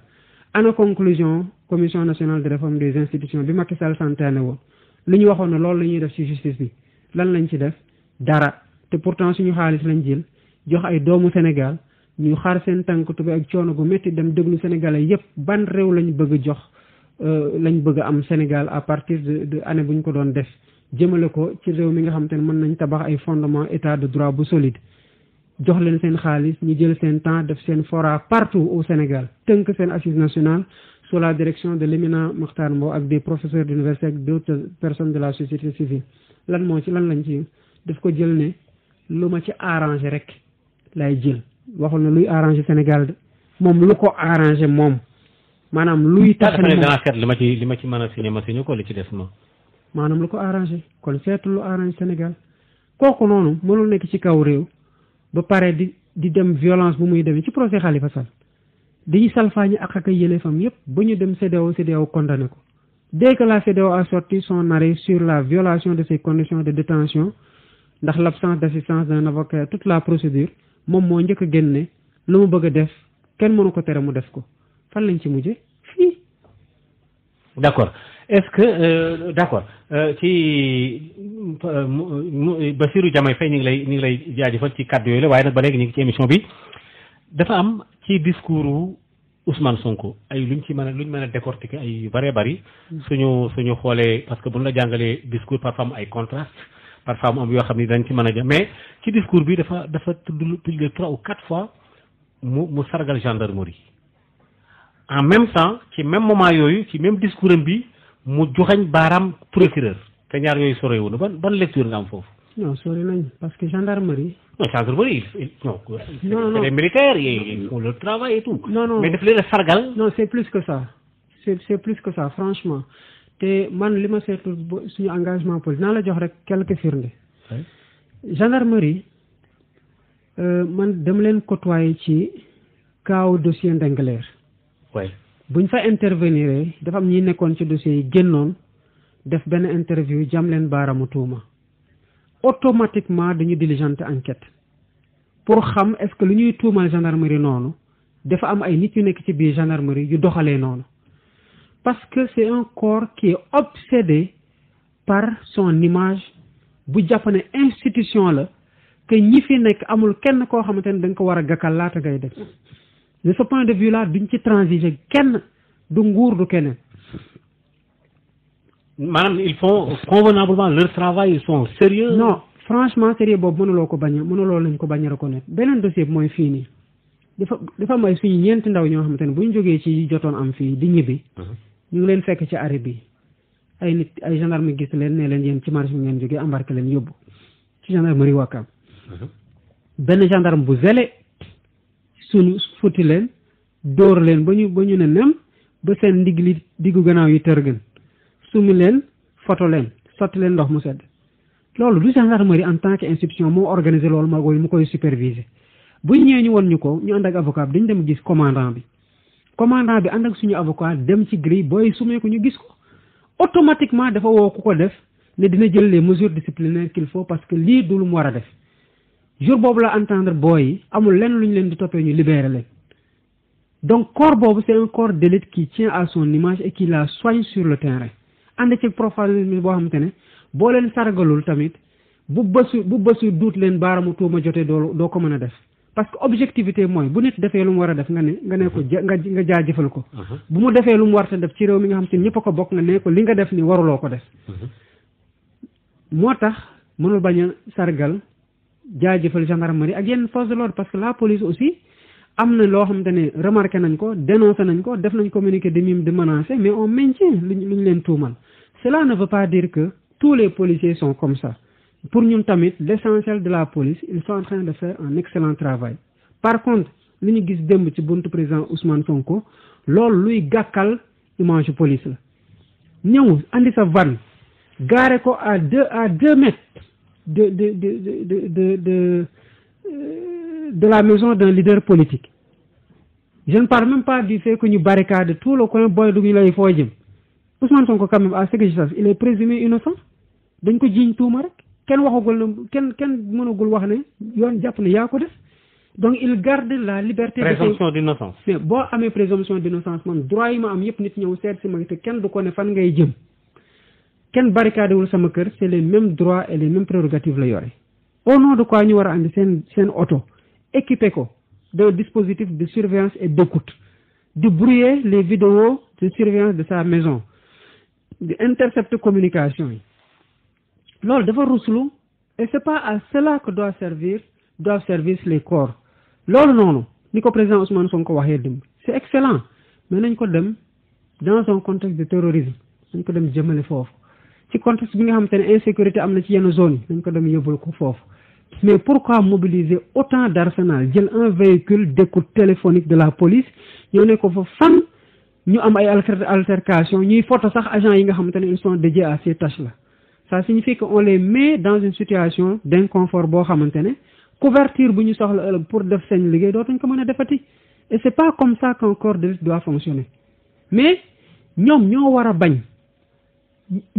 ana conclusion commission nationale de réforme des institutions bi Macky Sall santaane woon li ñu waxoon loolu la def ci justice bi lan lañ ci def dara te pourtant suñu xaalis lañ jël jox ay doomu Sénégal ñuy xaar seen tànk tubéy ak coono gu métti dem déglu sénégalais yépp ban réew lañ bëgg a jox euh, lañ bëgg am Sénégal à partir de de année bu ñu ko doon def jëmale ko ci réew mi nga xam te ne mën nañ tabax ay fondement état de droit bu solide jox leen seen xaalis ñu jël seen temps def seen fora partout au Sénégal tënk seen assise nationale sous la direction de l'éminent Mokhtar Mbow ak des professeurs d'université ak d'autres personnes de la société civile lan moo ci lan lañ ci daf ko jël ne lu ma ci arrangé rek lay jël waxul ne luy arrangé Sénégal de moom lu ko arrangé moom maanaam luy tax ne moom danaa seet li ma ci li ma ci mën a signé ma signé ko li ci des ma maanaam lu ko arrangé kon seetul lu arrangé Sénégal kooku noonu mënul nekk ci kaw réew ba pare di di dem violence bu muy demee ci xalifa procès di Sall dañuy salfaañi ak ak yëleefam yépp bu ñu dem CEDEAO CEDEAO condamné ko dès que la CEDEAO a sorti son arrêt sur la violation de ses conditions de détention ndax l'absence d'assistance d'un avocat toute la procédure moom moo njëkk a génne lu mu bëgg a def kenn mënu ko tere mu def ko fan lañ ci mujje fii d'accord est-ce que euh, d'accord euh, ci euh, Bassirou Diomaye Faye ñu ngi lay ñu ngi lay jaajëfal ci kàddu yooyu la waaye nag ba léegi ñu ngi ci émission bi dafa am ci discours Ousmane Sonko ay luñ ci mën a luñ mën a décortiquer ay yu bëree bëri hmm. suñu suñu xoolee parce que bu ñu la jàngalee discours parfois ay contraste parfois mu am yoo xam ni dañ ci mën a jëm mais ci discours bi dafa dafa tudd plus de trois ou quatre fois mu mu sargal gendarmerie en même temps ci même moment yooyu ci même discours am bi mu joxañ baaraam procureur te ñaar yooyu sore wu na ban ban lecture nga am foofu. non sori nañ parce que gendarmerie. non gendarmerie non. non non les mais daf leen a sargal. non c'est plus que ça c'est plus que ça franchement. te man li ma seetlu suñu engagement politique naa la jox rek quelques firnde gendarmerie euh, man dama leen côtoyé ci kaaw dossier Ndingler buñ fa intervenir dafa am ñi nekkoon ci dossier yi génnoon def benn interview jam leen baaramu tuuma automatiquement dañu diligente enquête pour xam est-ce que lu ñuy tuumal gendarmerie noonu dafa am ay nit yu nekk ci biir gendarmerie yu doxalee noonu parce que c'est un corps qui est obsédé par son image bu jàpp institution la que ñi fi nek amul kenn ko xamantene ne da nga ko war a gàkkal laata ngay def de ce point de vue là duñ ci transiger kenn du nguur du keneen. manam ils font convenablement leur travail ils sont sérieux. non franchement sérieux boobu mënu loko bañ mënu lo lañ ko bañ reconnaître benen dossier moy fini dafa dafa may suñu ñent ndaw ñoo xamantene buñ joggé ci jotone am fi di ñibi mhm. ñu ngi leen fekk ci arrêt bi ay nit ay gendarme gis leen nee leen yéen ci marché bi ngeen jógee embarqué leen yóbbu ci gendarmerie Wakam mhm. benn gendarme bu zélé suñu futti leen dóor leen ba ñu ba ñu ne nem ba seen ndigg li diggu gannaaw yi tër gën sumi leen foto leen sotti leen ndox mu sedd loolu du gendarmerie en tant que institution moo organisé loolu ma koy mu koy superviser bu ñëwee ñu won ñu ko ñu ànd ak avocat dañ dem gis commandant bi commandant bi ànd ak suñu avocat dem ci grille booy sumee ko ñu gis ko automatiquement dafa woo ku ko def ne dina jël les mesures disciplinaires qu'il faut parce que lii du lu mu war a def jour boobu la entendre booy yi amul lenn lu ñu leen di toppee ñu libéré leen donc corps boobu c'est un corps d'élite qui tient à son image et qui la soigne sur le terrain ànd ci professionnalisme boo xamante ne boo leen sargalul tamit bu bësu bu bësu duut leen baaramu tuuma jotee doo doo ko mën a def parce que objectivité mooy bu nit defee lu mu war a def nga ne nga ne ko nga nga jaajëfal ko uh-huh. bu mu defee lu mu war a def ci réew mi nga xam te ñëpp ko bokk nga ne ko li nga def ni waruloo ko def uh-huh. moo tax mënul bañ a sargal jaajëfal gendarmerie ak yenn force de l'ordre parce que la police aussi am na loo xamante ne remarqué nañ ko dénoncé nañ ko def nañ communiqué de mime de menacer mais on maintient luñ luñ leen tuumal cela ne veut pas dire que tous les policiers sont comme ça pour ñun tamit l'essentiel de la police ils sont en train de faire un excellent travail par contre li ñu gis démb ci buntu président Ousmane Sonko lool luy gakkal image police la ñëw andi sa van garé ko à deux à 2 mètres de de de de de euh, de la maison d'un leader politique je ne parle même pas du fait que nous barricade tout le coin boy du lay fo jëm Ousmane Sonko quand même à ce que je il est présumé innocent dañ ko tout tuuma rek kenn waxagul ne kenn kenn mënagul wax ne yoon jàpp ne ko def donc il garde la liberté. présomption d'innocence mais boo amee présomption d'innocence man droit yi ma am yépp nit ñëw seet si ma te kenn du ko ne fan ngay jëm kenn barricade wul sama kër c'est les mêmes droits et les mêmes prérogatives la au nom de quoi ñu war a andi seen seen oto équipé ko de dispositifs de surveillance et d'écoute De brouiller les vidéos de surveillance de sa maison di intercepter communication lol dafa ruslu et c'est pas à cela que doit servir doivent servir les corps non non ni ko président Ousmane Sonko waxe dem c'est excellent mais nagn ko dem dans un contexte de terrorisme nañ ko dem jëmele foofu ci contexte bi nga xamante insécurité amna ci yenn zone yi ko dem yóbbul ko mais pourquoi mobiliser autant d'arsenal a un véhicule d'écoute téléphonique de la police Il ne ko fa fan ñu am ay altercation ñuy photo sax agent yi nga xamante ils sont dédiés à ces tâches là ça signifie qu'on les met dans une situation d'inconfort couverture pour def seen qui dootuñ ko defati et c'est pas comme ça qu'un corps de lutte doit fonctionner mais nous ñoo wara bañ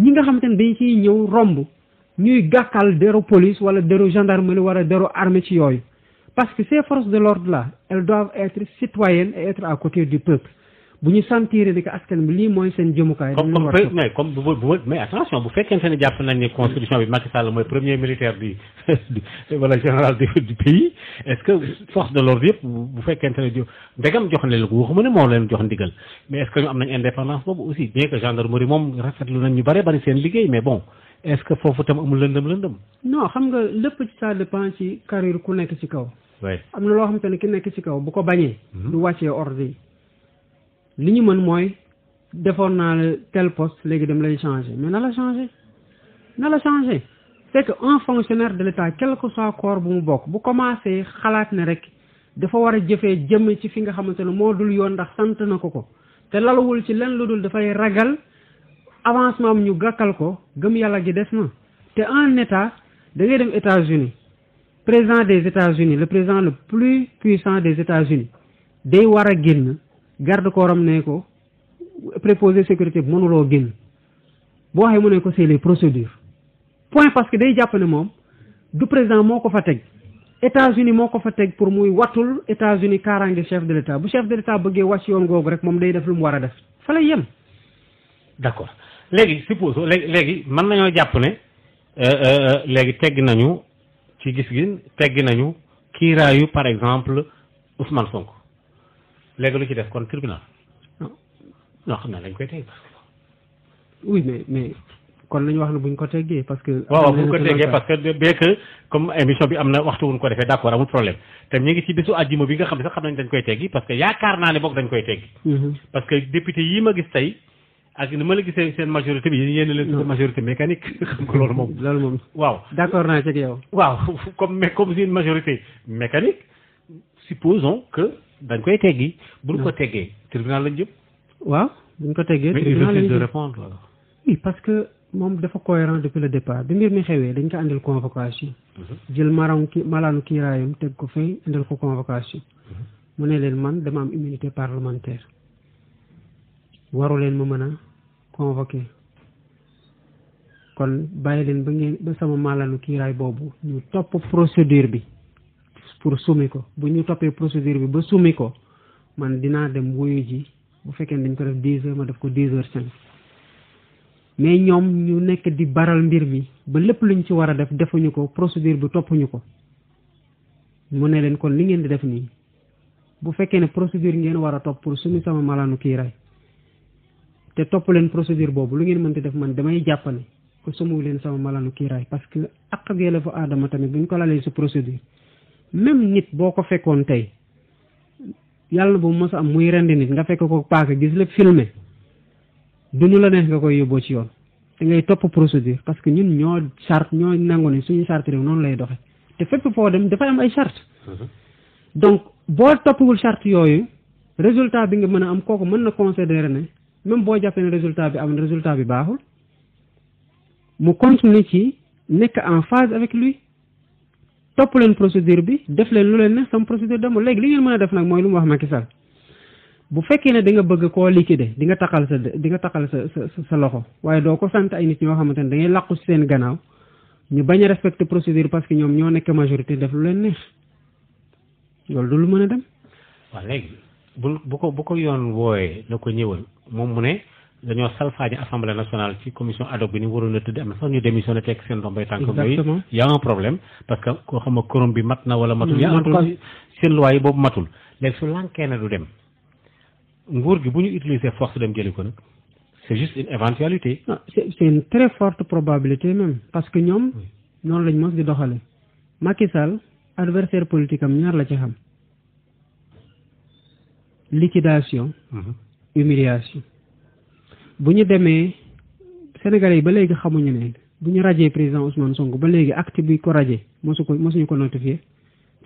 ñi nga xamantene dañ ñuy police wala armée ci parce que ces forces de l'ordre là elles doivent être citoyennes et être à côté du peuple bu ñu sentir ni que askan bi lii mooy seen jëmukaay. comme comme mais comme mais attention bu fekkente ne jàpp nañ ne constitution bi Macky Sall mooy premier militaire du wala général du pays est force de l'ordre yëpp bu fekkente ne jo ndegam jox na leen ko waxuma ne moom leen jox ndigal mais est-ce que ñu am nañ indépendance boobu aussi bien que gendarmerie moom rafetlu nañ ñu bare bari seen liggéey mais bon. est-ce foofu tam amul lëndëm lëndëm. non xam nga lépp ci ça dépend ci carrière ku nekk ci am na loo xamante ne ki nekk ci ko bañee. Mhm. du wàccee ordre yi. li ñu mën mooy defoon naa la tel poste léegi dem lay changer mais na la changé? na la changé. c'est que un fonctionnaire de l'État quel que soit corps bu mu bokk bu commencé xalaat ne rek dafa war a jëfee jëm ci fi nga xamante ne moo dul yoon ndax sant na ko ko te laluwul ci lenn lu dul dafay ragal avancement am ñu gàkkal ko gëm yàlla gi des na te en état da ngay dem États-Unis président des États-Unis le président le plus puissant des États-Unis day war a génn garde corps am ne ko préposé sécurité bi mënuloo génn boo waxee ko c'est les procédures point parce que day jàpp ne du président moko fa teg États-Unis moko fa teg pour muy watul États-Unis kaaraange chef de l'État bu chef de l'État bëggee wàcc yoon googu rek mom day def lu mu wara def fa lay yem. d'accord légui suppose léegi léegi mën nañoo euh euh légui tegg nañu ci gis-gin tegg nañu kirayu par exemple Ousmane Sonko. léegi lu ci def kon tribunal. non xam naa lañ koy teg parce que. oui mais mais kon lañu ko teggee parce que. waaw buñ que bien que comme émission bi am na waxtu wuñ ko defee d' accord amul problème te ñu ngi ci bisu àjjuma bi nga xam ne sax xam nañ dañ koy teggi parce que yaakaar naa ne boog dañ koy teggi. Mm-hmm. parce que député yi ma gis tey. ak ni ma la gisee seen majorité bi yéen yéen leen majorité mécanique xam nga loolu moom. loolu moom waaw d'accord naa ci yow. waaw comme mais dañ koy teggi buñ ko ah. teggee tribunal lañ jëm waaw buñ ko teggee tribunal lañ jëm mais il refuse de répondre oui parce que moom dafa cohérent depuis le départ bi mbir mi xewee dañ ko andil convocation mhm. jël maraw ki malaanu kiiraayam teg ko fay andil ko convocation mhm. mu ne leen man dama am immunité parlementaire waru leen ma mën a convoqué kon bàyyi leen ba ngeen ba sama malaanu kiiraay boobu ñu topp procédure bi pour summi ko bu ñu toppee procédure bi ba summi ko man dinaa dem wuyu ji bu fekkee ne dañ ko def dix heures ma def ko dix heures cinq mais ñoom ñu nekk di baral mbir mi ba lépp luñ ci war a def defuñu ko procédure bi toppuñu ko mu ne kon li ngeen di def nii bu fekkee ne procédure ngeen war a topp pour summi sama malaanu kiiraay te topp leen procédure boobu lu ngeen mën di def man damay jàppale ko sumuwi leen sama malaanu kiiraay parce que ak yelleefu aadama tamit buñ ko lalee si procédure même nit boko fekkone tay yalla yàlla bu mos am muy rendi nit nga fekk ko paaka gis le filmé duñu la neex nga koy yóbboo ci yoon te ngay top procédure parce que ñun ñoo charte ñoo nangone suñu charte réew non lay doxé té fepp po dem dafay am ay charte mhm. donc bo topul charte yoyu résultat bi nga mëna am koko mëna considérer né même bo jàppee ne résultat bi am résultat bi baaxul mu continuer ci nek en phase avec lui topp leen procédure bi def leen lu leen neex sama procédure demul léegi li ngeen mën a def nag mooy lu mu wax Macky Sall bu fekkee ne da bëgg koo liquider di nga taxal sa dinga nga taxal sa sa sa loxo waaye doo ko sant ay nit ñoo xamante ne da ngay làqu si seen gannaaw ñu bañ a respecter procédure parce que ñoom ñoo nekk majorité def lu leen neex loolu du lu mën a dem. waa léegi bu bu ko bu ko yoon wooyee na ko ñëwal moom mu ne. dañoo salfaañe assemblée nationale ci commission ad bi ni waroon a tëdd am na sax ñu démissionné tekk seen ndombay tànk yooyu y a problème parce que koo xam a korom bi mat na wala matul mm, y a un problème seen loi yi boobu matul léegi su lànkee ne du dem nguur gi bu ñu utiliser force dem jëli ko nag c'est juste une éventualité ah, c'est une très forte probabilité même parce que ñoom noonu lañ mos di doxale Macky Sall adversaire politique am ñaar la ci xam liquidation mm-hmm. bu ñu demee Sénégalais yi ba léegi xamuñu ne bu ñu rajee président Ousmane Sonko ba léegi acte bi ko rajee mosu ko mosuñu ko notifié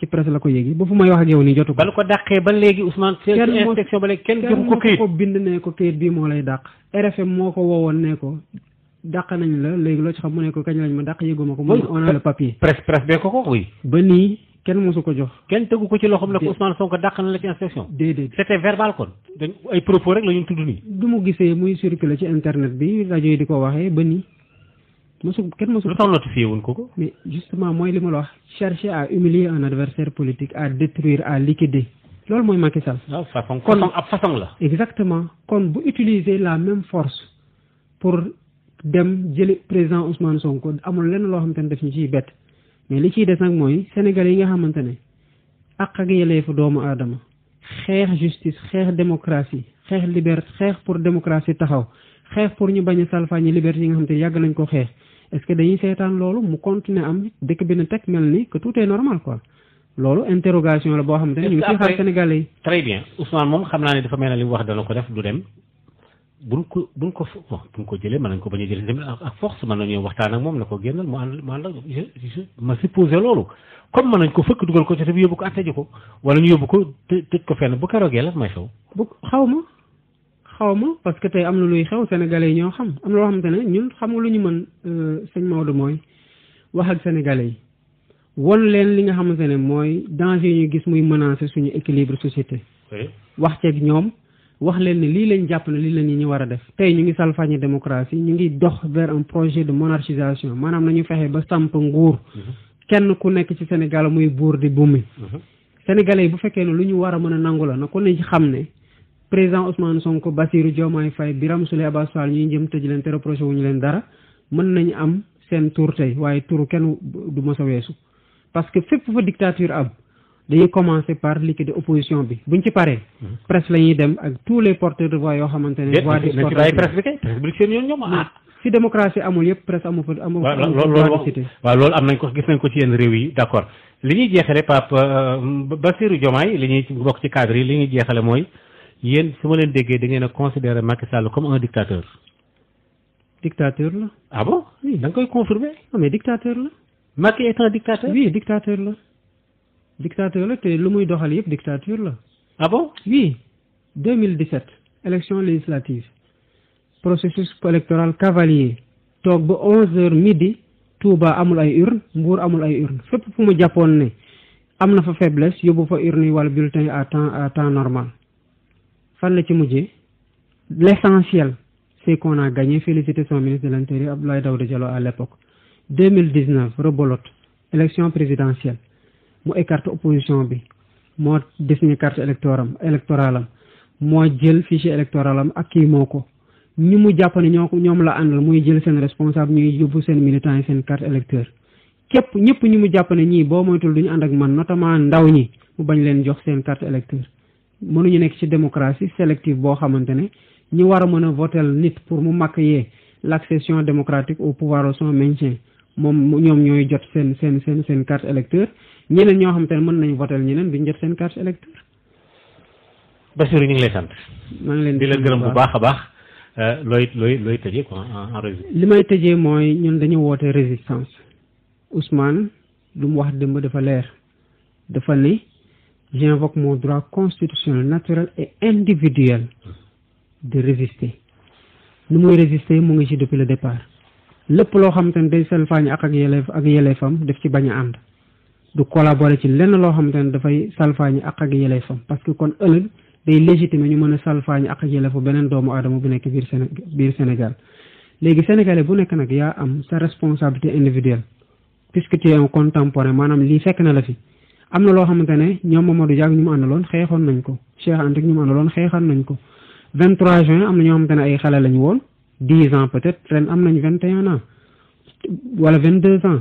ci presse la ko yéegi ba fu may wax ak yow nii jotu ko. ba ko dàqee ba léegi Ousmane. kenn inspection ba léegi kenn joxu ko kayit ko bind ne ko kayit bii moo lay dàq. RFM moo ko woowoon ne ko dàq nañ la léegi loo ci xam mu ne ko kañ lañ ma dàq yëguma ko. moom on a le papier. bee ko ko oui. ba nii kenn mosu ko jox. kenn tegu ko ci loxoom ne ko Ousmane Sonko dàq na la ci inspection. déedéet c'était verbal kon. dañ ay propos rek la ñu tudd nii. du mu gisee muy circuler ci internet bi rajo yi di ko waxee ba nii mosu kenn mosu. lu tax notifié wuñ ko ko. mais justement mooy li ma la wax chercher à humilier un adversaire politique à détruire à liquider. loolu mooy Macky Sall. waaw ah, façon kon ab façon la. exactement kon bu utiliser la même force pour dem jëli président Ousmane Sonko amul lenn loo xam ne daf ñu ciy bett. mais li ciy des nag mooy sénégalais yi nga xamante ne àq ak yelleefu doomu aadama xeex justice xeex démocratie xeex liberté xeex pour démocratie taxaw xeex pour ñu bañ a salfaañi liberté yi nga xamante ne yàgg nañ ko xeex est ce que dañuy seetaan loolu mu continuer am dëkk bi na teg mel ni que tout normal quoi loolu interrogation la boo xam ne ñu ngi ci xaar sénégalais yi. très bien Ousmane moom xam naa ne dafa mel ne li wax dana ko def du dem. buñ ko buñ ko bon buñ ko jëlee mën nañ ko bañ a jëlee tamit ak force mën nañoo waxtaan ak moom ne ko génnal mu ànd mu ànd ma supposé loolu comme mën nañ ko fëkk dugal ko ci bi yóbbu ko attaji ko wala ñu yóbbu ko tëj ko fenn bu keroogee lan may xew bu xaw ma xaw ma parce que tey am na luy xew sénégalais yi ñoo xam am na loo xamante ne ñun xam lu ñu mën euh, sëñ Maodo mooy wax ak sénégalais yi won leen li nga xamante ne mooy danger yi ñu gis muy menacer suñu équilibre société wax ceeg ñoom wax leen ne lii leen jàpp na lii leen la ñu war a def tey ñu ngi salfaañe démocratie ñu ngi dox vers projet de monarchisation maanaam nañu fexe ba samp nguur mhm. kenn ku nekk ci Sénégal muy buur di bumi mhm. sénégalais yi bu fekkee ne lu ñu war a mën a nangu la na ko ne ci xam ne président Ousmane Sonko Bassirou Diomaye Faye Birame Souleye Abass Fall ñuy jëm tëj leen te reproché wuñu leen dara mën nañu am seen tur tey waaye turu kenn du mos a weesu parce que fépp fa dictature am dañuy commencer par liquide opposition bi buñ ci paree. Hmm. presse la ñuy dem ak tous les porteurs de voix yoo xamante ne. voix di presse bi kay presse bi seen yoon ñoom si ah. démocratie amul yëpp presse amul fa amul. waaw loolu waaw am nañ ko gis nañ ko ci yenn réew yi d' accord li ñuy jeexale Pape euh, Bassirou Diomaye li ñuy bokk ci cadre yi li ñuy jeexale mooy yéen su ma leen déggee da ngeen a considérer Macky Sall comme un dictateur. dictateur la. ah bon da nga koy confirmer. non mais dictateur la. Macky est un dictateur. oui dictateur la. Dictature, le te lu muy doxal yépp dictature la. ah bon oui 2017 élection législative processus électoral cavalier toog 11h midi Touba amul ay urne Mbour amul ay urne fépp fu mu jàppoon ne am na fa faiblesse yóbbu fa urne wala bulletin à temps à temps normal fan la ci mujjee l' essentiel a gagné Félicitations son ministre de l'Intérieur, intérieur Abdoulaye à l'époque. 2019 rebolote élection présidentielle. mu écarté opposition bi moo désigné carte électoram électoralam moo jël fichier électoralam ak kii moo ko ñi mu jàpp ne ñoo ñoom la àndal muy jël seen responsable ñuy yóbbu seen militant yi seen carte électeur képp ñëpp ñi mu jàpp ne ñii boo moytul duñu ànd ak man notamment ndaw ñi mu bañ leen jox seen carte électeur mënuñu nekk ci démocratie sélective boo xamante ne ñi war a mën a votel nit pour mu màkk yee l'accession démocratique au pouvoir au son maintien moom ñoom ñooy jot seen seen seen seen carte électeur ñeneen ñoo xam te ne mën nañu votel ñeneen ñu jot seen carte électeur Bassirou ñu ngi lay sant maa ngi leen di leen gërëm bu baax a baax euh, looy looy looy tëjee li may tëjee mooy ñun dañu wootee résistance Ousmane lu mu wax démb dafa leer dafa ni j'invoque mon droit constitutionnel naturel et individuel de résister nu muy résister mu ngi ci depuis le départ lépp loo xam te ne day salfaañ ak ak yelleef ak yelleefam daf ci bañ a ànd de collaborer ci lenn loo dafay parce que kon day légitime ñu mën a salfaañi ak ak doomu bu Sénégal sénégalais bu nekk am sa responsabilité individuelle puisque tu es un contemporain fekk na la fi am na loo xamante Mamadou ñu nañ ko Cheikh ñu mu àndaloon ko 23 juin am na ñoo ay 10 ans peut-être ren am 21 ans wala 22 ans.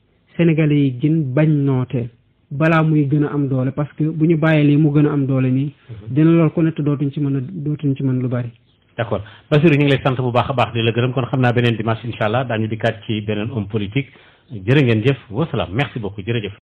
Sénégalais yi gën bañ noote balaa muy gën a am doole parce que bu ñu bàyyee lii mu gën a am doole nii. Mhm. dina lool ko nett dootuñ ci mën a dootuñ ci mën lu bari. d' accord Bassirou ñu ngi lay sant bu baax a baax di la gërëm kon xam naa beneen dimanche incha allah daañu dikkaat ci beneen homme politique jërë ngeen jëf wasalaam merci beaucoup jërëjëf.